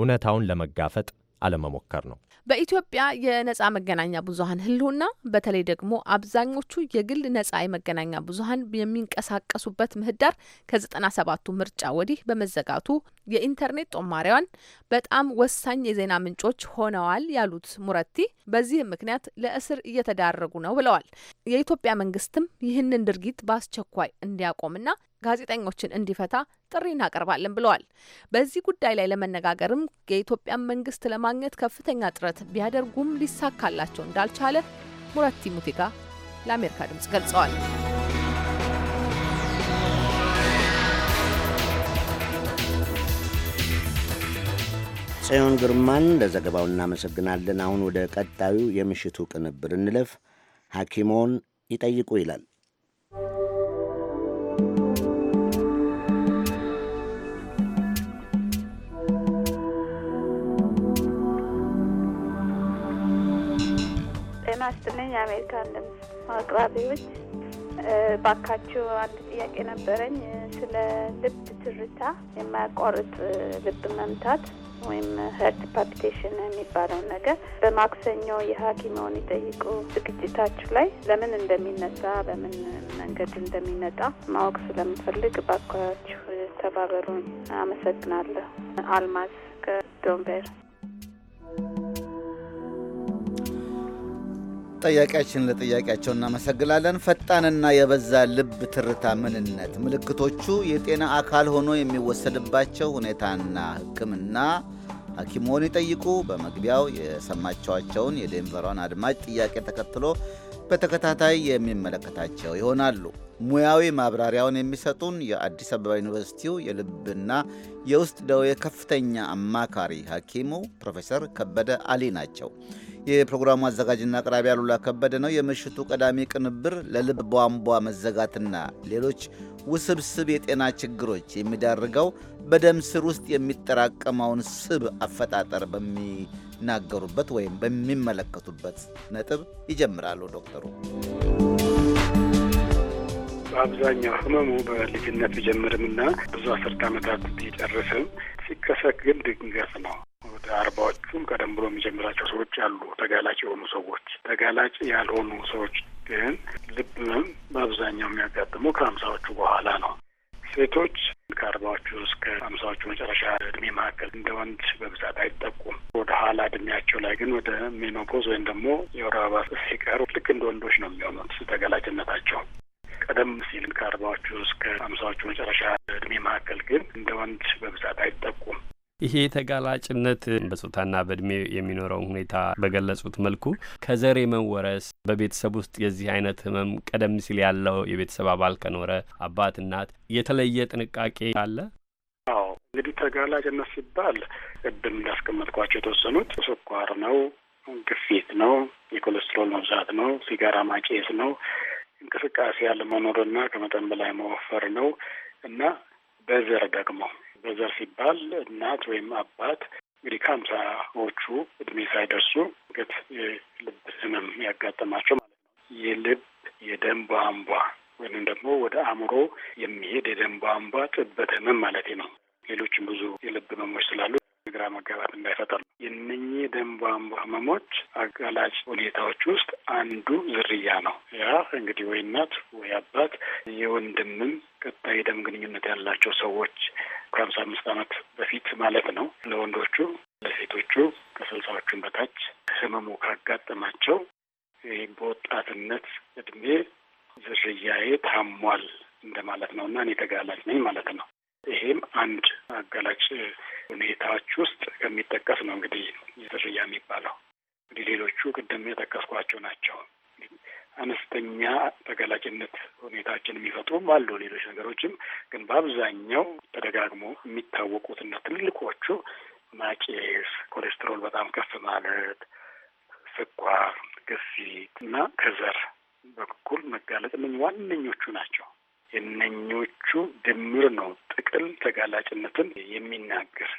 እውነታውን ለመጋፈጥ አለመሞከር ነው። በኢትዮጵያ የነጻ መገናኛ ብዙሀን ህልውና በተለይ ደግሞ አብዛኞቹ የግል ነጻ የመገናኛ ብዙሀን የሚንቀሳቀሱበት ምህዳር ከዘጠና ሰባቱ ምርጫ ወዲህ በመዘጋቱ የኢንተርኔት ጦማሪያን በጣም ወሳኝ የዜና ምንጮች ሆነዋል ያሉት ሙረቲ በዚህም ምክንያት ለእስር እየተዳረጉ ነው ብለዋል። የኢትዮጵያ መንግስትም ይህንን ድርጊት በአስቸኳይ እንዲያቆምና ጋዜጠኞችን እንዲፈታ ጥሪ እናቀርባለን ብለዋል። በዚህ ጉዳይ ላይ ለመነጋገርም የኢትዮጵያን መንግስት ለማግኘት ከፍተኛ ጥረት ቢያደርጉም ሊሳካላቸው እንዳልቻለ ሙራት ቲሙቲጋ ለአሜሪካ ድምጽ ገልጸዋል። ጽዮን ግርማን ለዘገባው እናመሰግናለን። አሁን ወደ ቀጣዩ የምሽቱ ቅንብር እንለፍ። ሐኪሞን ይጠይቁ ይላል። ይስጥልኝ። የአሜሪካን ድምፅ አቅራቢዎች፣ ባካችሁ አንድ ጥያቄ ነበረኝ ስለ ልብ ትርታ፣ የማያቋርጥ ልብ መምታት ወይም ሄርት ፓልፒቴሽን የሚባለው ነገር በማክሰኞ የሐኪመውን ይጠይቁ ዝግጅታችሁ ላይ ለምን እንደሚነሳ በምን መንገድ እንደሚነጣ ማወቅ ስለምፈልግ ባካችሁ ተባበሩን። አመሰግናለሁ። አልማዝ ከዶንቤር ጠያቂያችን ለጥያቄያቸው እናመሰግናለን። ፈጣንና የበዛ ልብ ትርታ ምንነት፣ ምልክቶቹ፣ የጤና አካል ሆኖ የሚወሰድባቸው ሁኔታና ሕክምና ሐኪሞን ይጠይቁ። በመግቢያው የሰማቸዋቸውን የዴንቨሯን አድማጭ ጥያቄ ተከትሎ በተከታታይ የሚመለከታቸው ይሆናሉ። ሙያዊ ማብራሪያውን የሚሰጡን የአዲስ አበባ ዩኒቨርሲቲው የልብና የውስጥ ደዌ ከፍተኛ አማካሪ ሐኪሙ ፕሮፌሰር ከበደ አሊ ናቸው። የፕሮግራሙ አዘጋጅና አቅራቢ አሉላ ከበደ ነው። የምሽቱ ቀዳሚ ቅንብር ለልብ ቧንቧ መዘጋትና ሌሎች ውስብስብ የጤና ችግሮች የሚዳርገው በደም ስር ውስጥ የሚጠራቀመውን ስብ አፈጣጠር በሚናገሩበት ወይም በሚመለከቱበት ነጥብ ይጀምራሉ ዶክተሩ። በአብዛኛው ህመሙ በልጅነት ቢጀምርም እና ብዙ አስርት ዓመታት ቢጨርስም ሲከሰት ግን ድንገት ነው። ወደ አርባዎቹም ቀደም ብሎ የሚጀምራቸው ሰዎች አሉ፣ ተጋላጭ የሆኑ ሰዎች። ተጋላጭ ያልሆኑ ሰዎች ግን ልብ ህመም በአብዛኛው የሚያጋጥመው ከሀምሳዎቹ በኋላ ነው። ሴቶች ከአርባዎቹ እስከ ሀምሳዎቹ መጨረሻ እድሜ መካከል እንደ ወንድ በብዛት አይጠቁም። ወደ ኋላ እድሜያቸው ላይ ግን ወደ ሜኖፖዝ ወይም ደግሞ የወር አበባ ሲቀሩ ልክ እንደ ወንዶች ነው የሚሆኑት ተጋላጭነታቸው። ቀደም ሲል ከአርባዎቹ እስከ ሀምሳዎቹ መጨረሻ እድሜ መካከል ግን እንደ ወንድ በብዛት አይጠቁም። ይሄ ተጋላጭነት በጾታና በእድሜ የሚኖረውን ሁኔታ በገለጹት መልኩ ከዘር የመወረስ በቤተሰብ ውስጥ የዚህ አይነት ህመም ቀደም ሲል ያለው የቤተሰብ አባል ከኖረ አባት፣ እናት የተለየ ጥንቃቄ አለ? አዎ እንግዲህ ተጋላጭነት ሲባል ቅድም እንዳስቀመጥኳቸው የተወሰኑት ስኳር ነው፣ ግፊት ነው፣ የኮሌስትሮል መብዛት ነው፣ ሲጋራ ማጨስ ነው፣ እንቅስቃሴ ያለመኖርና ከመጠን በላይ መወፈር ነው እና በዘር ደግሞ በዘር ሲባል እናት ወይም አባት እንግዲህ ከአምሳዎቹ እድሜ ሳይደርሱ ግት የልብ ህመም ያጋጠማቸው ማለት ነው። የልብ የደም ቧንቧ ወይም ደግሞ ወደ አእምሮ የሚሄድ የደም ቧንቧ ጥበት ህመም ማለት ነው። ሌሎችም ብዙ የልብ ህመሞች ስላሉ ግራ መጋባት እንዳይፈጠር የነኚህ ደም ቧንቧ ህመሞች አጋላጭ ሁኔታዎች ውስጥ አንዱ ዝርያ ነው። ያ እንግዲህ ወይ እናት ወይ አባት የወንድምም ቀጣይ ደም ግንኙነት ያላቸው ሰዎች ከሀምሳ አምስት ዓመት በፊት ማለት ነው ለወንዶቹ፣ ለሴቶቹ ከስልሳዎቹን በታች ህመሙ ካጋጠማቸው በወጣትነት እድሜ ዝርያዬ ታሟል እንደማለት ነው እና እኔ ተጋላጭ ነኝ ማለት ነው። ይሄም አንድ አጋላጭ ሁኔታዎች ውስጥ ከሚጠቀስ ነው። እንግዲህ ዝርያ የሚባለው እንግዲህ ሌሎቹ ቅድም የጠቀስኳቸው ናቸው። አነስተኛ ተገላጭነት ሁኔታችን የሚፈጥሩም አሉ። ሌሎች ነገሮችም ግን በአብዛኛው ተደጋግሞ የሚታወቁትና ትልልቆቹ ማጭስ፣ ኮሌስትሮል በጣም ከፍ ማለት፣ ስኳር፣ ግፊት እና ከዘር በኩል መጋለጥ ምን ዋነኞቹ ናቸው። የነኞቹ ድምር ነው ጥቅል ተጋላጭነትን የሚናገር።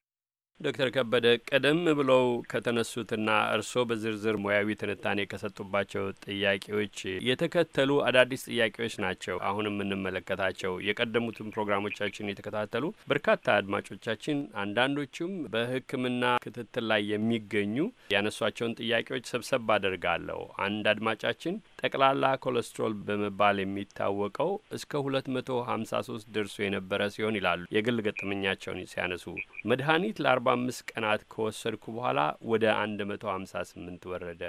ዶክተር ከበደ ቀደም ብለው ከተነሱትና እርስዎ በዝርዝር ሙያዊ ትንታኔ ከሰጡባቸው ጥያቄዎች የተከተሉ አዳዲስ ጥያቄዎች ናቸው። አሁን የምንመለከታቸው የቀደሙትን ፕሮግራሞቻችን የተከታተሉ በርካታ አድማጮቻችን፣ አንዳንዶቹም በሕክምና ክትትል ላይ የሚገኙ ያነሷቸውን ጥያቄዎች ሰብሰብ አድርጋለሁ። አንድ አድማጫችን ጠቅላላ ኮለስትሮል በመባል የሚታወቀው እስከ 253 ደርሶ የነበረ ሲሆን ይላሉ የግል ገጠመኛቸውን ሲያነሱ መድኃኒት ለ45 ቀናት ከወሰድኩ በኋላ ወደ 158 ወረደ።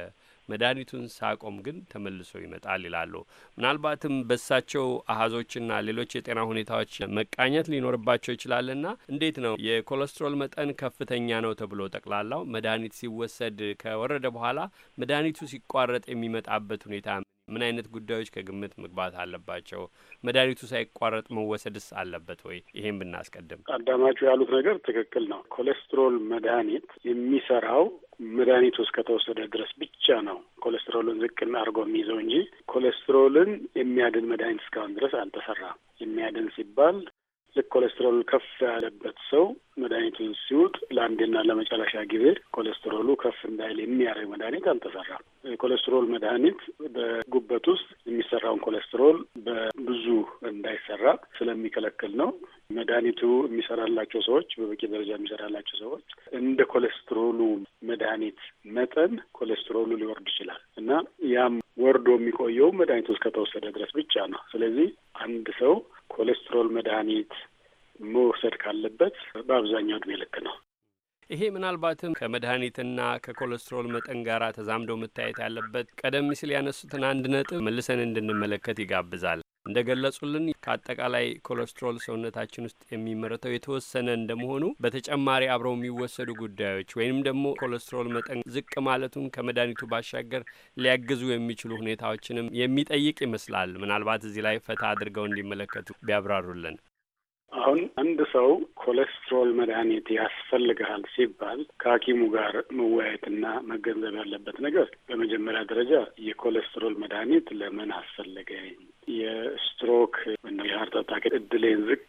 መድኃኒቱን ሳቆም ግን ተመልሶ ይመጣል ይላሉ። ምናልባትም በሳቸው አሀዞችና ሌሎች የጤና ሁኔታዎች መቃኘት ሊኖርባቸው ይችላልና እንዴት ነው የኮለስትሮል መጠን ከፍተኛ ነው ተብሎ ጠቅላላው መድኃኒት ሲወሰድ ከወረደ በኋላ መድኃኒቱ ሲቋረጥ የሚመጣበት ሁኔታ ምን አይነት ጉዳዮች ከግምት መግባት አለባቸው? መድኃኒቱ ሳይቋረጥ መወሰድስ አለበት ወይ? ይሄን ብናስቀድም። አዳማጩ ያሉት ነገር ትክክል ነው። ኮሌስትሮል መድኃኒት የሚሰራው መድኃኒቱ እስከተወሰደ ድረስ ብቻ ነው ኮሌስትሮልን ዝቅ አድርጎ የሚይዘው እንጂ ኮሌስትሮልን የሚያድን መድኃኒት እስካሁን ድረስ አልተሰራም። የሚያድን ሲባል ልክ ኮሌስትሮል ከፍ ያለበት ሰው መድኃኒቱን ሲውጥ ለአንዴና ለመጨረሻ ጊዜ ኮሌስትሮሉ ከፍ እንዳይል የሚያደርግ መድኃኒት አልተሰራም። የኮሌስትሮል መድኃኒት በጉበት ውስጥ የሚሰራውን ኮሌስትሮል በብዙ እንዳይሰራ ስለሚከለክል ነው። መድኃኒቱ የሚሰራላቸው ሰዎች በበቂ ደረጃ የሚሰራላቸው ሰዎች እንደ ኮሌስትሮሉ መድኃኒት መጠን ኮሌስትሮሉ ሊወርድ ይችላል እና ያም ወርዶ የሚቆየው መድኃኒቱ እስከተወሰደ ድረስ ብቻ ነው። ስለዚህ አንድ ሰው ኮሌስትሮል መድኃኒት መውሰድ ካለበት በአብዛኛው እድሜ ልክ ነው። ይሄ ምናልባትም ከመድኃኒትና ከኮሌስትሮል መጠን ጋር ተዛምዶ መታየት ያለበት ቀደም ሲል ያነሱትን አንድ ነጥብ መልሰን እንድንመለከት ይጋብዛል። እንደ ገለጹልን ከአጠቃላይ ኮሌስትሮል ሰውነታችን ውስጥ የሚመረተው የተወሰነ እንደመሆኑ በተጨማሪ አብረው የሚወሰዱ ጉዳዮች ወይንም ደግሞ ኮሌስትሮል መጠን ዝቅ ማለቱን ከመድኃኒቱ ባሻገር ሊያግዙ የሚችሉ ሁኔታዎችንም የሚጠይቅ ይመስላል። ምናልባት እዚህ ላይ ፈታ አድርገው እንዲመለከቱ ቢያብራሩልን። አሁን አንድ ሰው ኮሌስትሮል መድኃኒት ያስፈልግሃል ሲባል ከሐኪሙ ጋር መወያየትና መገንዘብ ያለበት ነገር በመጀመሪያ ደረጃ የኮሌስትሮል መድኃኒት ለምን አስፈለገኝ የስትሮክ እና የሀርት አታክ እድሌን ዝቅ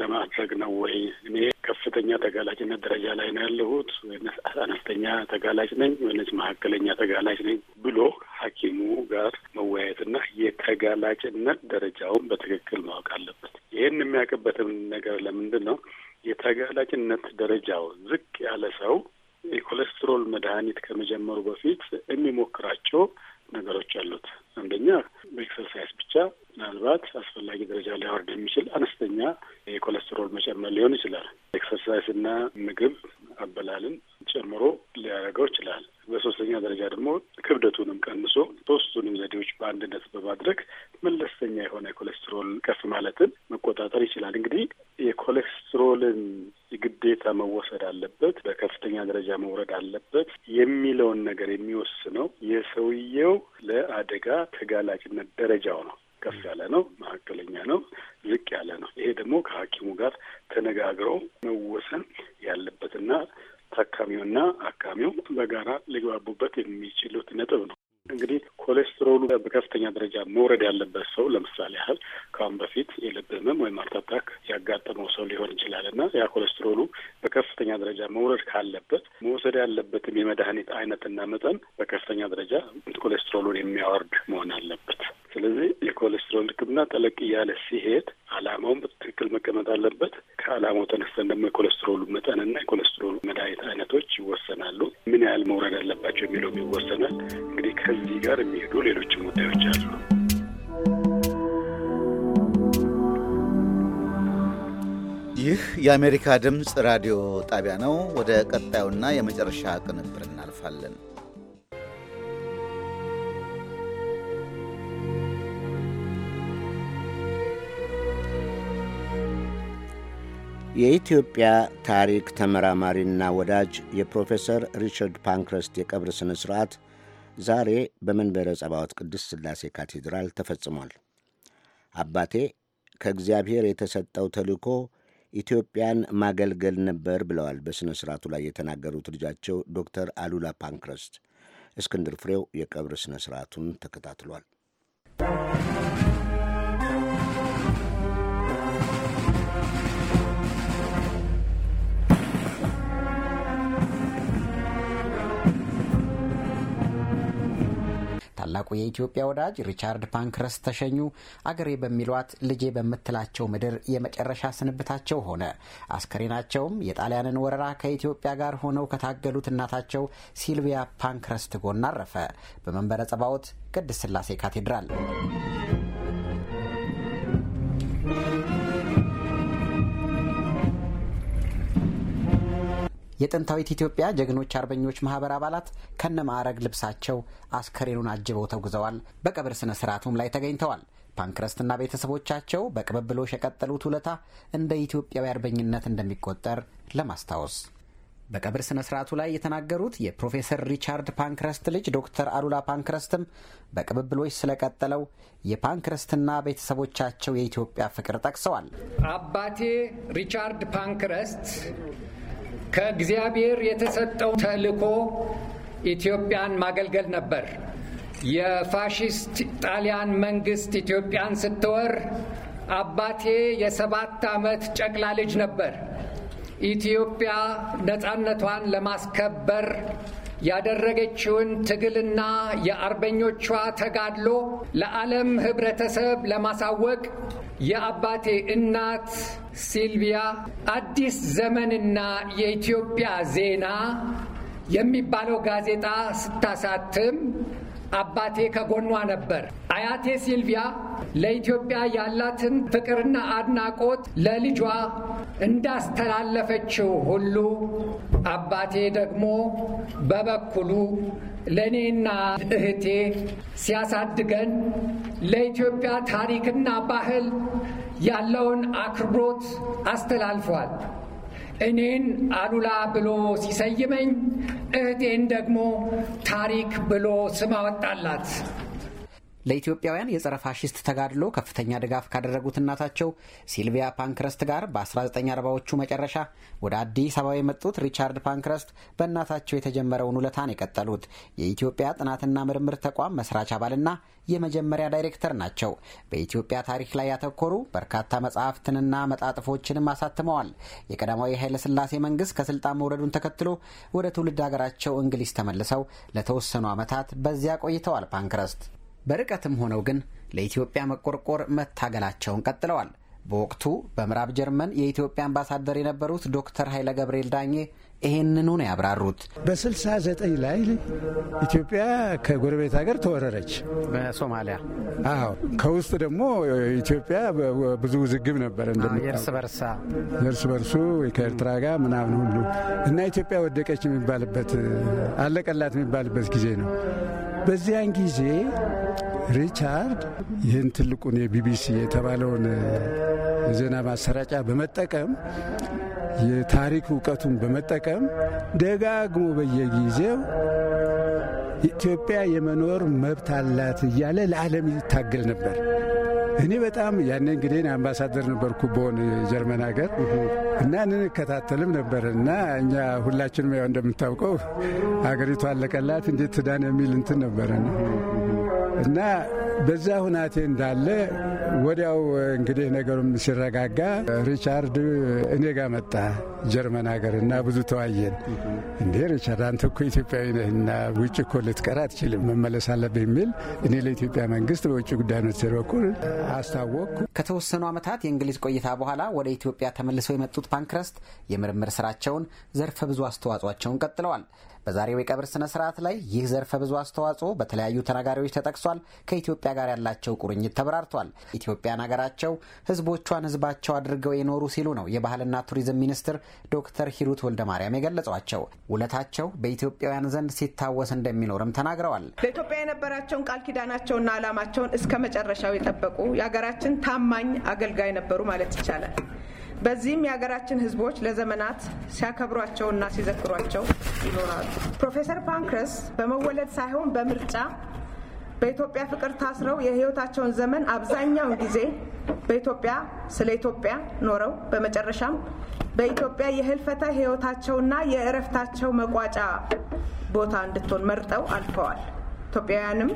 ለማድረግ ነው ወይ? እኔ ከፍተኛ ተጋላጭነት ደረጃ ላይ ነው ያለሁት አነስተኛ ተጋላጭ ነኝ ወይነች መካከለኛ ተጋላጭ ነኝ ብሎ ሐኪሙ ጋር መወያየትና የተጋላጭነት ደረጃውን በትክክል ማወቅ አለበት። ይህን የሚያውቅበትም ነገር ለምንድን ነው? የተጋላጭነት ደረጃው ዝቅ ያለ ሰው የኮሌስትሮል መድኃኒት ከመጀመሩ በፊት የሚሞክራቸው ነገሮች አሉት። አንደኛ በኤክሰርሳይዝ ብቻ ምናልባት አስፈላጊ ደረጃ ሊያወርድ የሚችል አነስተኛ የኮለስትሮል መጨመር ሊሆን ይችላል። ኤክሰርሳይዝ እና ምግብ አበላልን ጨምሮ ሊያደርገው ይችላል። በሶስተኛ ደረጃ ደግሞ ክብደቱንም ቀንሶ ሶስቱንም ዘዴዎች በአንድነት በማድረግ መለስተኛ የሆነ የኮሌስትሮል ከፍ ማለትን መቆጣጠር ይችላል። እንግዲህ የኮሌስትሮልን ግዴታ መወሰድ አለበት፣ በከፍተኛ ደረጃ መውረድ አለበት የሚለውን ነገር የሚወስነው የሰውየው ለአደጋ ተጋላጭነት ደረጃው ነው። ከፍ ያለ ነው፣ መካከለኛ ነው፣ ዝቅ ያለ ነው። ይሄ ደግሞ ከሐኪሙ ጋር ተነጋግሮ መወሰን ያለበትና ታካሚውና አካሚው በጋራ ሊግባቡበት የሚችሉት ነጥብ ነው። እንግዲህ ኮሌስትሮሉ በከፍተኛ ደረጃ መውረድ ያለበት ሰው ለምሳሌ ያህል ከአሁን በፊት የልብ ህመም ወይም አርታታክ ያጋጠመው ሰው ሊሆን ይችላል እና ያ ኮሌስትሮሉ በከፍተኛ ደረጃ መውረድ ካለበት መውሰድ ያለበትም የመድኃኒት አይነትና መጠን በከፍተኛ ደረጃ ኮሌስትሮሉን የሚያወርድ መሆን አለበት። ስለዚህ የኮሌስትሮል ህክምና ጠለቅ እያለ ሲሄድ ዓላማውን በትክክል መቀመጥ አለበት። ከአላማው ተነስተን ደግሞ የኮሌስትሮሉ መጠንና የኮሌስትሮሉ መድኃኒት አይነቶች ይወሰናሉ። ምን ያህል መውረድ አለባቸው የሚለውም ይወሰናል። እንግዲህ ከዚህ ጋር የሚሄዱ ሌሎችም ጉዳዮች አሉ። ይህ የአሜሪካ ድምፅ ራዲዮ ጣቢያ ነው። ወደ ቀጣዩና የመጨረሻ ቅንብር እናልፋለን። የኢትዮጵያ ታሪክ ተመራማሪና ወዳጅ የፕሮፌሰር ሪቻርድ ፓንክረስት የቀብር ሥነ ሥርዓት ዛሬ በመንበረ ጸባዖት ቅድስት ሥላሴ ካቴድራል ተፈጽሟል። አባቴ ከእግዚአብሔር የተሰጠው ተልእኮ ኢትዮጵያን ማገልገል ነበር ብለዋል በሥነ ሥርዓቱ ላይ የተናገሩት ልጃቸው ዶክተር አሉላ ፓንክረስት። እስክንድር ፍሬው የቀብር ሥነ ሥርዓቱን ተከታትሏል። ታላቁ የኢትዮጵያ ወዳጅ ሪቻርድ ፓንክረስ ተሸኙ። አገሬ በሚሏት ልጄ በምትላቸው ምድር የመጨረሻ ስንብታቸው ሆነ። አስከሬናቸውም የጣሊያንን ወረራ ከኢትዮጵያ ጋር ሆነው ከታገሉት እናታቸው ሲልቪያ ፓንክረስት ጎን አረፈ በመንበረ ጸባዖት ቅድስት ስላሴ ካቴድራል። የጥንታዊት ኢትዮጵያ ጀግኖች አርበኞች ማህበር አባላት ማዕረግ ልብሳቸው አስከሬኑን አጅበው ተጉዘዋል። በቀብር ስነ ስርዓቱም ላይ ተገኝተዋል። ፓንክረስትና ቤተሰቦቻቸው በቅብብሎሽ የቀጠሉት ውለታ እንደ ኢትዮጵያዊ አርበኝነት እንደሚቆጠር ለማስታወስ በቀብር ስነ ስርዓቱ ላይ የተናገሩት የፕሮፌሰር ሪቻርድ ፓንክረስት ልጅ ዶክተር አሉላ ፓንክረስትም በቅብብሎች ስለቀጠለው የፓንክረስትና ቤተሰቦቻቸው የኢትዮጵያ ፍቅር ጠቅሰዋል። አባቴ ሪቻርድ ፓንክረስት ከእግዚአብሔር የተሰጠው ተልእኮ ኢትዮጵያን ማገልገል ነበር። የፋሽስት ጣሊያን መንግስት ኢትዮጵያን ስትወር አባቴ የሰባት ዓመት ጨቅላ ልጅ ነበር። ኢትዮጵያ ነፃነቷን ለማስከበር ያደረገችውን ትግልና የአርበኞቿ ተጋድሎ ለዓለም ህብረተሰብ ለማሳወቅ የአባቴ እናት ሲልቪያ አዲስ ዘመንና የኢትዮጵያ ዜና የሚባለው ጋዜጣ ስታሳትም አባቴ ከጎኗ ነበር። አያቴ ሲልቪያ ለኢትዮጵያ ያላትን ፍቅርና አድናቆት ለልጇ እንዳስተላለፈችው ሁሉ አባቴ ደግሞ በበኩሉ ለእኔና እህቴ ሲያሳድገን ለኢትዮጵያ ታሪክና ባህል ያለውን አክብሮት አስተላልፏል። እኔን አሉላ ብሎ ሲሰይመኝ እህቴን ደግሞ ታሪክ ብሎ ስም አወጣላት። ለኢትዮጵያውያን የጸረ ፋሽስት ተጋድሎ ከፍተኛ ድጋፍ ካደረጉት እናታቸው ሲልቪያ ፓንክረስት ጋር በ1940ዎቹ መጨረሻ ወደ አዲስ አበባ የመጡት ሪቻርድ ፓንክረስት በእናታቸው የተጀመረውን ውለታን የቀጠሉት የኢትዮጵያ ጥናትና ምርምር ተቋም መስራች አባልና የመጀመሪያ ዳይሬክተር ናቸው። በኢትዮጵያ ታሪክ ላይ ያተኮሩ በርካታ መጽሐፍትንና መጣጥፎችንም አሳትመዋል። የቀዳማዊ ኃይለስላሴ መንግስት ከስልጣን መውረዱን ተከትሎ ወደ ትውልድ ሀገራቸው እንግሊዝ ተመልሰው ለተወሰኑ ዓመታት በዚያ ቆይተዋል ፓንክረስት በርቀትም ሆነው ግን ለኢትዮጵያ መቆርቆር መታገላቸውን ቀጥለዋል። በወቅቱ በምዕራብ ጀርመን የኢትዮጵያ አምባሳደር የነበሩት ዶክተር ኃይለ ገብርኤል ዳኜ ይህንኑ ነው ያብራሩት። በ69 ላይ ኢትዮጵያ ከጎረቤት ሀገር ተወረረች በሶማሊያ። አዎ ከውስጥ ደግሞ ኢትዮጵያ ብዙ ውዝግብ ነበር የእርስ በርሳ እርስ በርሱ ከኤርትራ ጋር ምናምን ሁሉ እና ኢትዮጵያ ወደቀች የሚባልበት አለቀላት የሚባልበት ጊዜ ነው። በዚያን ጊዜ ሪቻርድ ይህን ትልቁን የቢቢሲ የተባለውን የዜና ማሰራጫ በመጠቀም የታሪክ እውቀቱን በመጠቀም ደጋግሞ በየጊዜው ኢትዮጵያ የመኖር መብት አላት እያለ ለዓለም ይታገል ነበር። እኔ በጣም ያንን እንግዲህ አምባሳደር ነበርኩ በሆን የጀርመን ሀገር እና እንከታተልም ነበር እና እኛ ሁላችንም ያው እንደምታውቀው ሀገሪቱ አለቀላት እንዴት ትዳን የሚል እንትን ነበረ እና በዛ ሁናቴ እንዳለ ወዲያው እንግዲህ ነገሩም ሲረጋጋ ሪቻርድ እኔ መጣ ጀርመን ሀገር እና ብዙ ተዋየን። እንዴ ሪቻርድ አንተ እኮ ኢትዮጵያዊ እና ውጭ እኮ ልትቀር አትችልም፣ መመለስ አለብህ የሚል እኔ ለኢትዮጵያ መንግስት በውጭ ጉዳይ ሚኒስቴር በኩል አስታወቅኩ። ከተወሰኑ ዓመታት የእንግሊዝ ቆይታ በኋላ ወደ ኢትዮጵያ ተመልሰው የመጡት ፓንክረስት የምርምር ስራቸውን ዘርፈ ብዙ አስተዋጽኦቸውን ቀጥለዋል። በዛሬው የቀብር ስነ ስርዓት ላይ ይህ ዘርፈ ብዙ አስተዋጽኦ በተለያዩ ተናጋሪዎች ተጠቅሷል። ከኢትዮጵያ ጋር ያላቸው ቁርኝት ተብራርቷል። ኢትዮጵያን ሀገራቸው፣ ህዝቦቿን ህዝባቸው አድርገው የኖሩ ሲሉ ነው የባህልና ቱሪዝም ሚኒስትር ዶክተር ሂሩት ወልደ ማርያም የገለጿቸው። ውለታቸው በኢትዮጵያውያን ዘንድ ሲታወስ እንደሚኖርም ተናግረዋል። ለኢትዮጵያ የነበራቸውን ቃል ኪዳናቸውና ዓላማቸውን እስከ መጨረሻው የጠበቁ የሀገራችን ታማኝ አገልጋይ ነበሩ ማለት ይቻላል። በዚህም የሀገራችን ህዝቦች ለዘመናት ሲያከብሯቸውና ሲዘክሯቸው ይኖራሉ። ፕሮፌሰር ፓንክረስ በመወለድ ሳይሆን በምርጫ በኢትዮጵያ ፍቅር ታስረው የህይወታቸውን ዘመን አብዛኛውን ጊዜ በኢትዮጵያ ስለ ኢትዮጵያ ኖረው በመጨረሻም በኢትዮጵያ የህልፈተ ህይወታቸውና የእረፍታቸው መቋጫ ቦታ እንድትሆን መርጠው አልፈዋል። ኢትዮጵያውያንም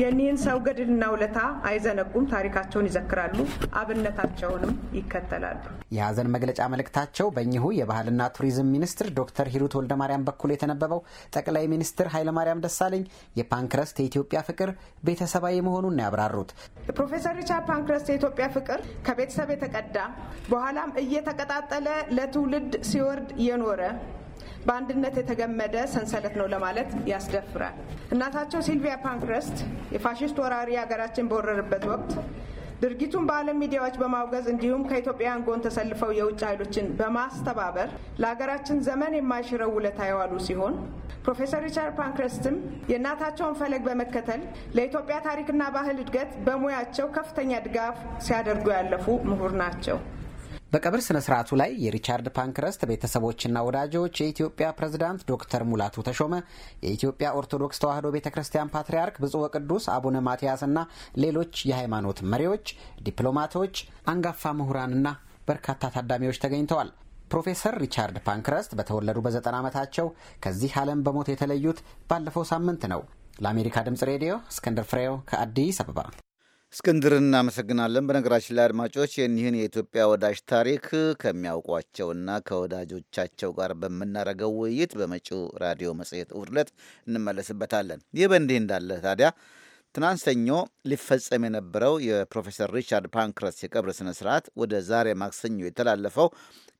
የኒህን ሰው ገድልና ውለታ አይዘነጉም፣ ታሪካቸውን ይዘክራሉ፣ አብነታቸውንም ይከተላሉ። የሀዘን መግለጫ መልእክታቸው በእኚሁ የባህልና ቱሪዝም ሚኒስትር ዶክተር ሂሩት ወልደማርያም በኩል የተነበበው ጠቅላይ ሚኒስትር ኃይለማርያም ደሳለኝ የፓንክረስት የኢትዮጵያ ፍቅር ቤተሰባዊ መሆኑን ያብራሩት ፕሮፌሰር ሪቻርድ ፓንክረስት የኢትዮጵያ ፍቅር ከቤተሰብ የተቀዳ በኋላም እየተቀጣጠለ ለትውልድ ሲወርድ የኖረ በአንድነት የተገመደ ሰንሰለት ነው ለማለት ያስደፍራል። እናታቸው ሲልቪያ ፓንክረስት የፋሽስት ወራሪ ሀገራችን በወረረበት ወቅት ድርጊቱን በዓለም ሚዲያዎች በማውገዝ እንዲሁም ከኢትዮጵያውያን ጎን ተሰልፈው የውጭ ኃይሎችን በማስተባበር ለሀገራችን ዘመን የማይሽረው ውለታ የዋሉ ሲሆን ፕሮፌሰር ሪቻርድ ፓንክረስትም የእናታቸውን ፈለግ በመከተል ለኢትዮጵያ ታሪክና ባህል እድገት በሙያቸው ከፍተኛ ድጋፍ ሲያደርጉ ያለፉ ምሁር ናቸው። በቀብር ስነ ስርዓቱ ላይ የሪቻርድ ፓንክረስት ቤተሰቦችና ወዳጆች፣ የኢትዮጵያ ፕሬዝዳንት ዶክተር ሙላቱ ተሾመ፣ የኢትዮጵያ ኦርቶዶክስ ተዋሕዶ ቤተ ክርስቲያን ፓትርያርክ ብፁዕ ወቅዱስ አቡነ ማትያስና ሌሎች የሃይማኖት መሪዎች፣ ዲፕሎማቶች፣ አንጋፋ ምሁራንና በርካታ ታዳሚዎች ተገኝተዋል። ፕሮፌሰር ሪቻርድ ፓንክረስት በተወለዱ በዘጠና ዓመታቸው ከዚህ ዓለም በሞት የተለዩት ባለፈው ሳምንት ነው። ለአሜሪካ ድምፅ ሬዲዮ እስክንድር ፍሬው ከአዲስ አበባ እስክንድር እናመሰግናለን። በነገራችን ላይ አድማጮች የኒህን የኢትዮጵያ ወዳጅ ታሪክ ከሚያውቋቸውና ከወዳጆቻቸው ጋር በምናደርገው ውይይት በመጪው ራዲዮ መጽሔት እሑድ ዕለት እንመለስበታለን። ይህ በእንዲህ እንዳለ ታዲያ ትናንት ሰኞ ሊፈጸም የነበረው የፕሮፌሰር ሪቻርድ ፓንክረስ የቀብር ስነ ስርዓት ወደ ዛሬ ማክሰኞ የተላለፈው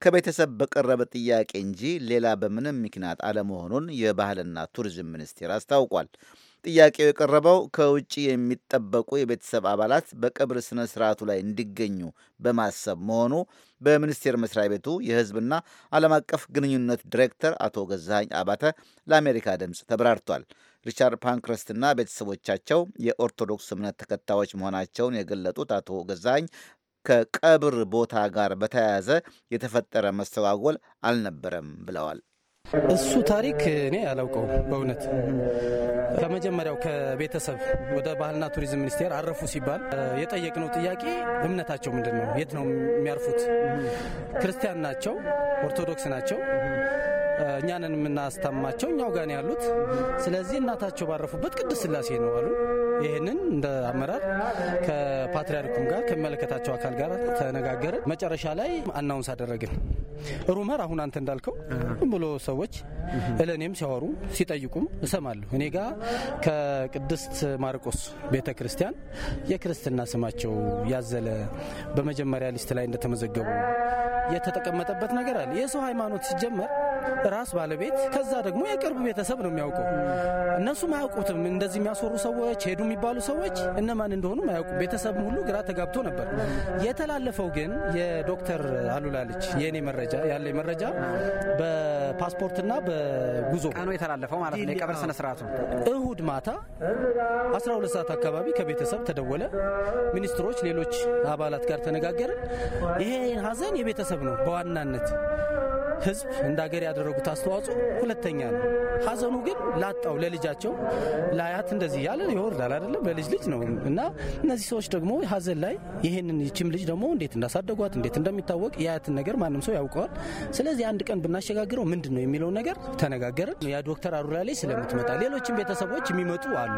ከቤተሰብ በቀረበ ጥያቄ እንጂ ሌላ በምንም ምክንያት አለመሆኑን የባህልና ቱሪዝም ሚኒስቴር አስታውቋል። ጥያቄው የቀረበው ከውጭ የሚጠበቁ የቤተሰብ አባላት በቀብር ስነ ስርዓቱ ላይ እንዲገኙ በማሰብ መሆኑ በሚኒስቴር መስሪያ ቤቱ የሕዝብና ዓለም አቀፍ ግንኙነት ዲሬክተር አቶ ገዛኝ አባተ ለአሜሪካ ድምፅ ተብራርቷል። ሪቻርድ ፓንክረስትና ቤተሰቦቻቸው የኦርቶዶክስ እምነት ተከታዮች መሆናቸውን የገለጡት አቶ ገዛኝ ከቀብር ቦታ ጋር በተያያዘ የተፈጠረ መስተጓጎል አልነበረም ብለዋል። እሱ ታሪክ እኔ ያላውቀው በእውነት ከመጀመሪያው ከቤተሰብ ወደ ባህልና ቱሪዝም ሚኒስቴር አረፉ ሲባል የጠየቅነው ጥያቄ እምነታቸው ምንድን ነው? የት ነው የሚያርፉት? ክርስቲያን ናቸው፣ ኦርቶዶክስ ናቸው። እኛንን የምናስታማቸው እኛው ጋን ያሉት። ስለዚህ እናታቸው ባረፉበት ቅድስት ስላሴ ነው አሉ። ይህንን እንደ አመራር ከፓትሪያርኩም ጋር ከሚመለከታቸው አካል ጋር ተነጋገረ። መጨረሻ ላይ አናውንስ አደረግን። ሩመር አሁን አንተ እንዳልከው ብሎ ሰዎች እለኔም ሲያወሩ ሲጠይቁም እሰማለሁ። እኔ ጋ ከቅድስት ማርቆስ ቤተ ክርስቲያን የክርስትና ስማቸው ያዘለ በመጀመሪያ ሊስት ላይ እንደተመዘገቡ የተጠቀመጠበት ነገር አለ። የሰው ሃይማኖት ሲጀመር ራስ ባለቤት ከዛ ደግሞ የቅርብ ቤተሰብ ነው የሚያውቀው። እነሱ አያውቁትም። እንደዚህ የሚያስወሩ ሰዎች ሄዱ የሚባሉ ሰዎች እነማን እንደሆኑ አያውቁም። ቤተሰብ ሁሉ ግራ ተጋብቶ ነበር። የተላለፈው ግን የዶክተር አሉላ ልጅ የእኔ መረጃ ያለ መረጃ በፓስፖርትና በጉዞ ቀኑ የተላለፈው ማለት ነው። የቀብር ስነ እሁድ ማታ 12 ሰዓት አካባቢ ከቤተሰብ ተደወለ። ሚኒስትሮች፣ ሌሎች አባላት ጋር ተነጋገርን። ይሄ ሀዘን የቤተሰብ ነው በዋናነት ህዝብ እንደ ሀገር ያደረጉት አስተዋጽኦ ሁለተኛ ነው። ሀዘኑ ግን ላጣው ለልጃቸው ለአያት እንደዚህ ያለ ይወርዳል አይደለም ለልጅ ልጅ ነው እና እነዚህ ሰዎች ደግሞ ሀዘን ላይ ይህንን ይችም ልጅ ደግሞ እንዴት እንዳሳደጓት እንዴት እንደሚታወቅ የአያትን ነገር ማንም ሰው ያውቀዋል። ስለዚህ አንድ ቀን ብናሸጋግረው ምንድን ነው የሚለውን ነገር ተነጋገርን። ያ ዶክተር አሩላ ላይ ስለምትመጣ ሌሎችም ቤተሰቦች የሚመጡ አሉ።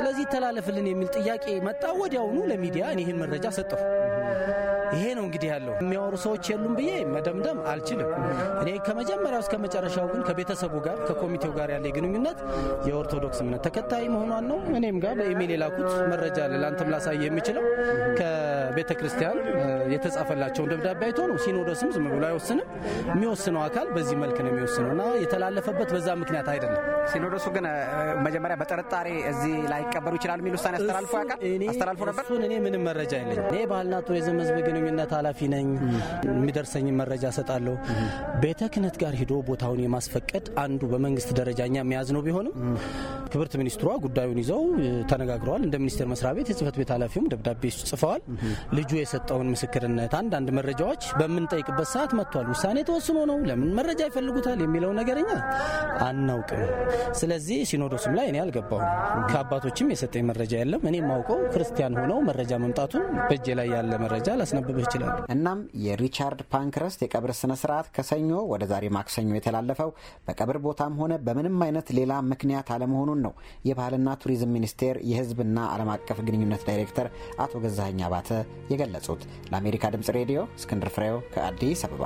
ስለዚህ ተላለፍልን የሚል ጥያቄ መጣ። ወዲያውኑ ለሚዲያ ይህን መረጃ ሰጠሁ። ይሄ ነው እንግዲህ ያለው። የሚያወሩ ሰዎች የሉም ብዬ መደምደም አልችልም። እኔ ከመጀመሪያው እስከ መጨረሻው ግን ከቤተሰቡ ጋር ከኮሚቴው ጋር ያለ ግንኙነት የኦርቶዶክስ እምነት ተከታይ መሆኗን ነው። እኔም ጋር በኢሜል የላኩት መረጃ አለ። ለአንተም ላሳየ የምችለው ከቤተ ክርስቲያን የተጻፈላቸውን ደብዳቤ አይቶ ነው። ሲኖዶስም ዝም ብሎ አይወስንም። የሚወስነው አካል በዚህ መልክ ነው የሚወስነው እና የተላለፈበት በዛ ምክንያት አይደለም። ሲኖዶሱ ግን መጀመሪያ በጥርጣሬ እዚህ ላይቀበሉ ይችላሉ የሚል ውሳኔ አስተላልፎ ያውቃል አስተላልፎ ነበር። እሱን እኔ ምንም መረጃ የለኝም። እኔ ባህልና ቱሪዝም ህዝብ ግንኙነት ኃላፊ ነኝ። የሚደርሰኝ መረጃ ሰጣለሁ። ቤተ ክህነት ጋር ሄዶ ቦታውን የማስፈቀድ አንዱ በመንግስት ደረጃኛ መያዝ ነው። ቢሆንም ክብርት ሚኒስትሯ ጉዳዩን ይዘው ተነጋግረዋል። እንደ ሚኒስቴር መስሪያ ቤት የጽህፈት ቤት ኃላፊውም ደብዳቤ ጽፈዋል። ልጁ የሰጠውን ምስክርነት፣ አንዳንድ መረጃዎች በምንጠይቅበት ሰዓት መጥቷል። ውሳኔ ተወስኖ ነው። ለምን መረጃ ይፈልጉታል የሚለው ነገርኛ አናውቅም። ስለዚህ ሲኖዶስም ላይ እኔ አልገባሁም። ከአባቶችም የሰጠኝ መረጃ የለም። እኔ የማውቀው ክርስቲያን ሆነው መረጃ መምጣቱን በእጄ ላይ ያለ መረጃ ላስነብብህ ይችላል። እናም የሪቻርድ ፓንክረስት የቀብር ስነስርዓት ከሰኞ ወደ ዛሬ ማክሰኞ የተላለፈው በቀብር ቦታም ሆነ በምንም አይነት ሌላ ምክንያት አለመሆኑን ነው የባህልና ቱሪዝም ሚኒስቴር የህዝብና ዓለም አቀፍ ግንኙነት ዳይሬክተር አቶ ገዛኸኝ አባተ የገለጹት። ለአሜሪካ ድምፅ ሬዲዮ እስክንድር ፍሬው ከአዲስ አበባ።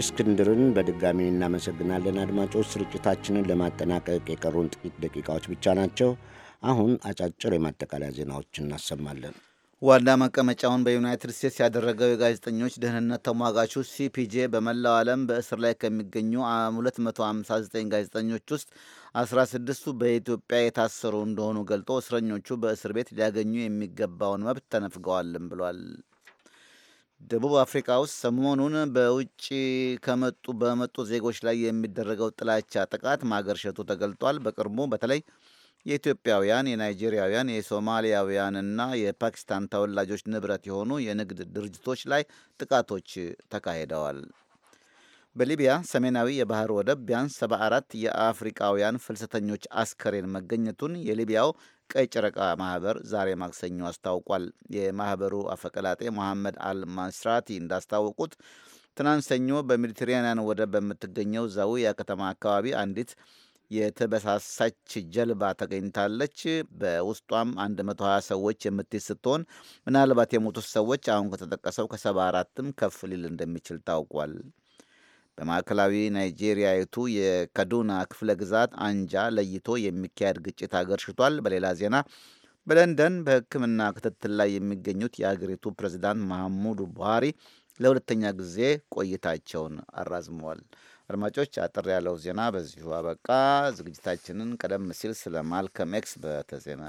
እስክንድርን በድጋሚ እናመሰግናለን። አድማጮች፣ ስርጭታችንን ለማጠናቀቅ የቀሩን ጥቂት ደቂቃዎች ብቻ ናቸው። አሁን አጫጭር የማጠቃለያ ዜናዎችን እናሰማለን። ዋና መቀመጫውን በዩናይትድ ስቴትስ ያደረገው የጋዜጠኞች ደህንነት ተሟጋቹ ሲፒጄ በመላው ዓለም በእስር ላይ ከሚገኙ 259 ጋዜጠኞች ውስጥ 16ቱ በኢትዮጵያ የታሰሩ እንደሆኑ ገልጦ እስረኞቹ በእስር ቤት ሊያገኙ የሚገባውን መብት ተነፍገዋልም ብሏል። ደቡብ አፍሪካ ውስጥ ሰሞኑን በውጭ ከመጡ በመጡ ዜጎች ላይ የሚደረገው ጥላቻ ጥቃት ማገርሸቱ ተገልጧል። በቅርቡ በተለይ የኢትዮጵያውያን፣ የናይጄሪያውያን፣ የሶማሊያውያንና የፓኪስታን ተወላጆች ንብረት የሆኑ የንግድ ድርጅቶች ላይ ጥቃቶች ተካሂደዋል። በሊቢያ ሰሜናዊ የባህር ወደብ ቢያንስ 74 የአፍሪቃውያን ፍልሰተኞች አስከሬን መገኘቱን የሊቢያው ቀይ ጨረቃ ማህበር ዛሬ ማክሰኞ አስታውቋል። የማህበሩ አፈቀላጤ መሐመድ አልማስራቲ እንዳስታወቁት ትናንት ሰኞ በሜዲትራንያን ወደብ በምትገኘው ዛዊያ ከተማ አካባቢ አንዲት የተበሳሳች ጀልባ ተገኝታለች። በውስጧም 120 ሰዎች የምትይዝ ስትሆን ምናልባት የሞቱት ሰዎች አሁን ከተጠቀሰው ከ74ም ከፍ ሊል እንደሚችል ታውቋል። በማዕከላዊ ናይጄሪያዊቱ የከዱና ክፍለ ግዛት አንጃ ለይቶ የሚካሄድ ግጭት አገርሽቷል። በሌላ ዜና በለንደን በሕክምና ክትትል ላይ የሚገኙት የአገሪቱ ፕሬዚዳንት መሐሙዱ ቡሃሪ ለሁለተኛ ጊዜ ቆይታቸውን አራዝመዋል። አድማጮች፣ አጠር ያለው ዜና በዚሁ አበቃ። ዝግጅታችንን ቀደም ሲል ስለ ማልከም ኤክስ በተዜመ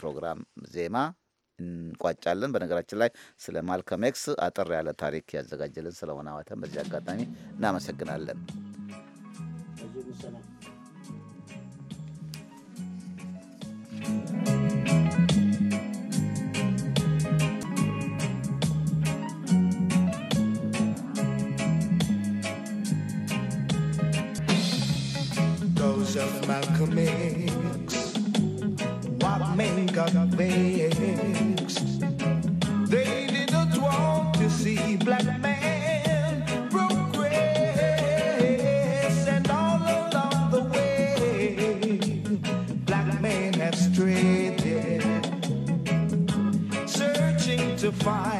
ፕሮግራም ዜማ እንቋጫለን። በነገራችን ላይ ስለ ማልከም ኤክስ አጠር ያለ ታሪክ ያዘጋጀልን ስለሆነ አዋተን በዚህ አጋጣሚ እናመሰግናለን። Thank you. alchemists, what men got vexed. They didn't want to see black men progress, and all along the way, black men have strayed, searching to find.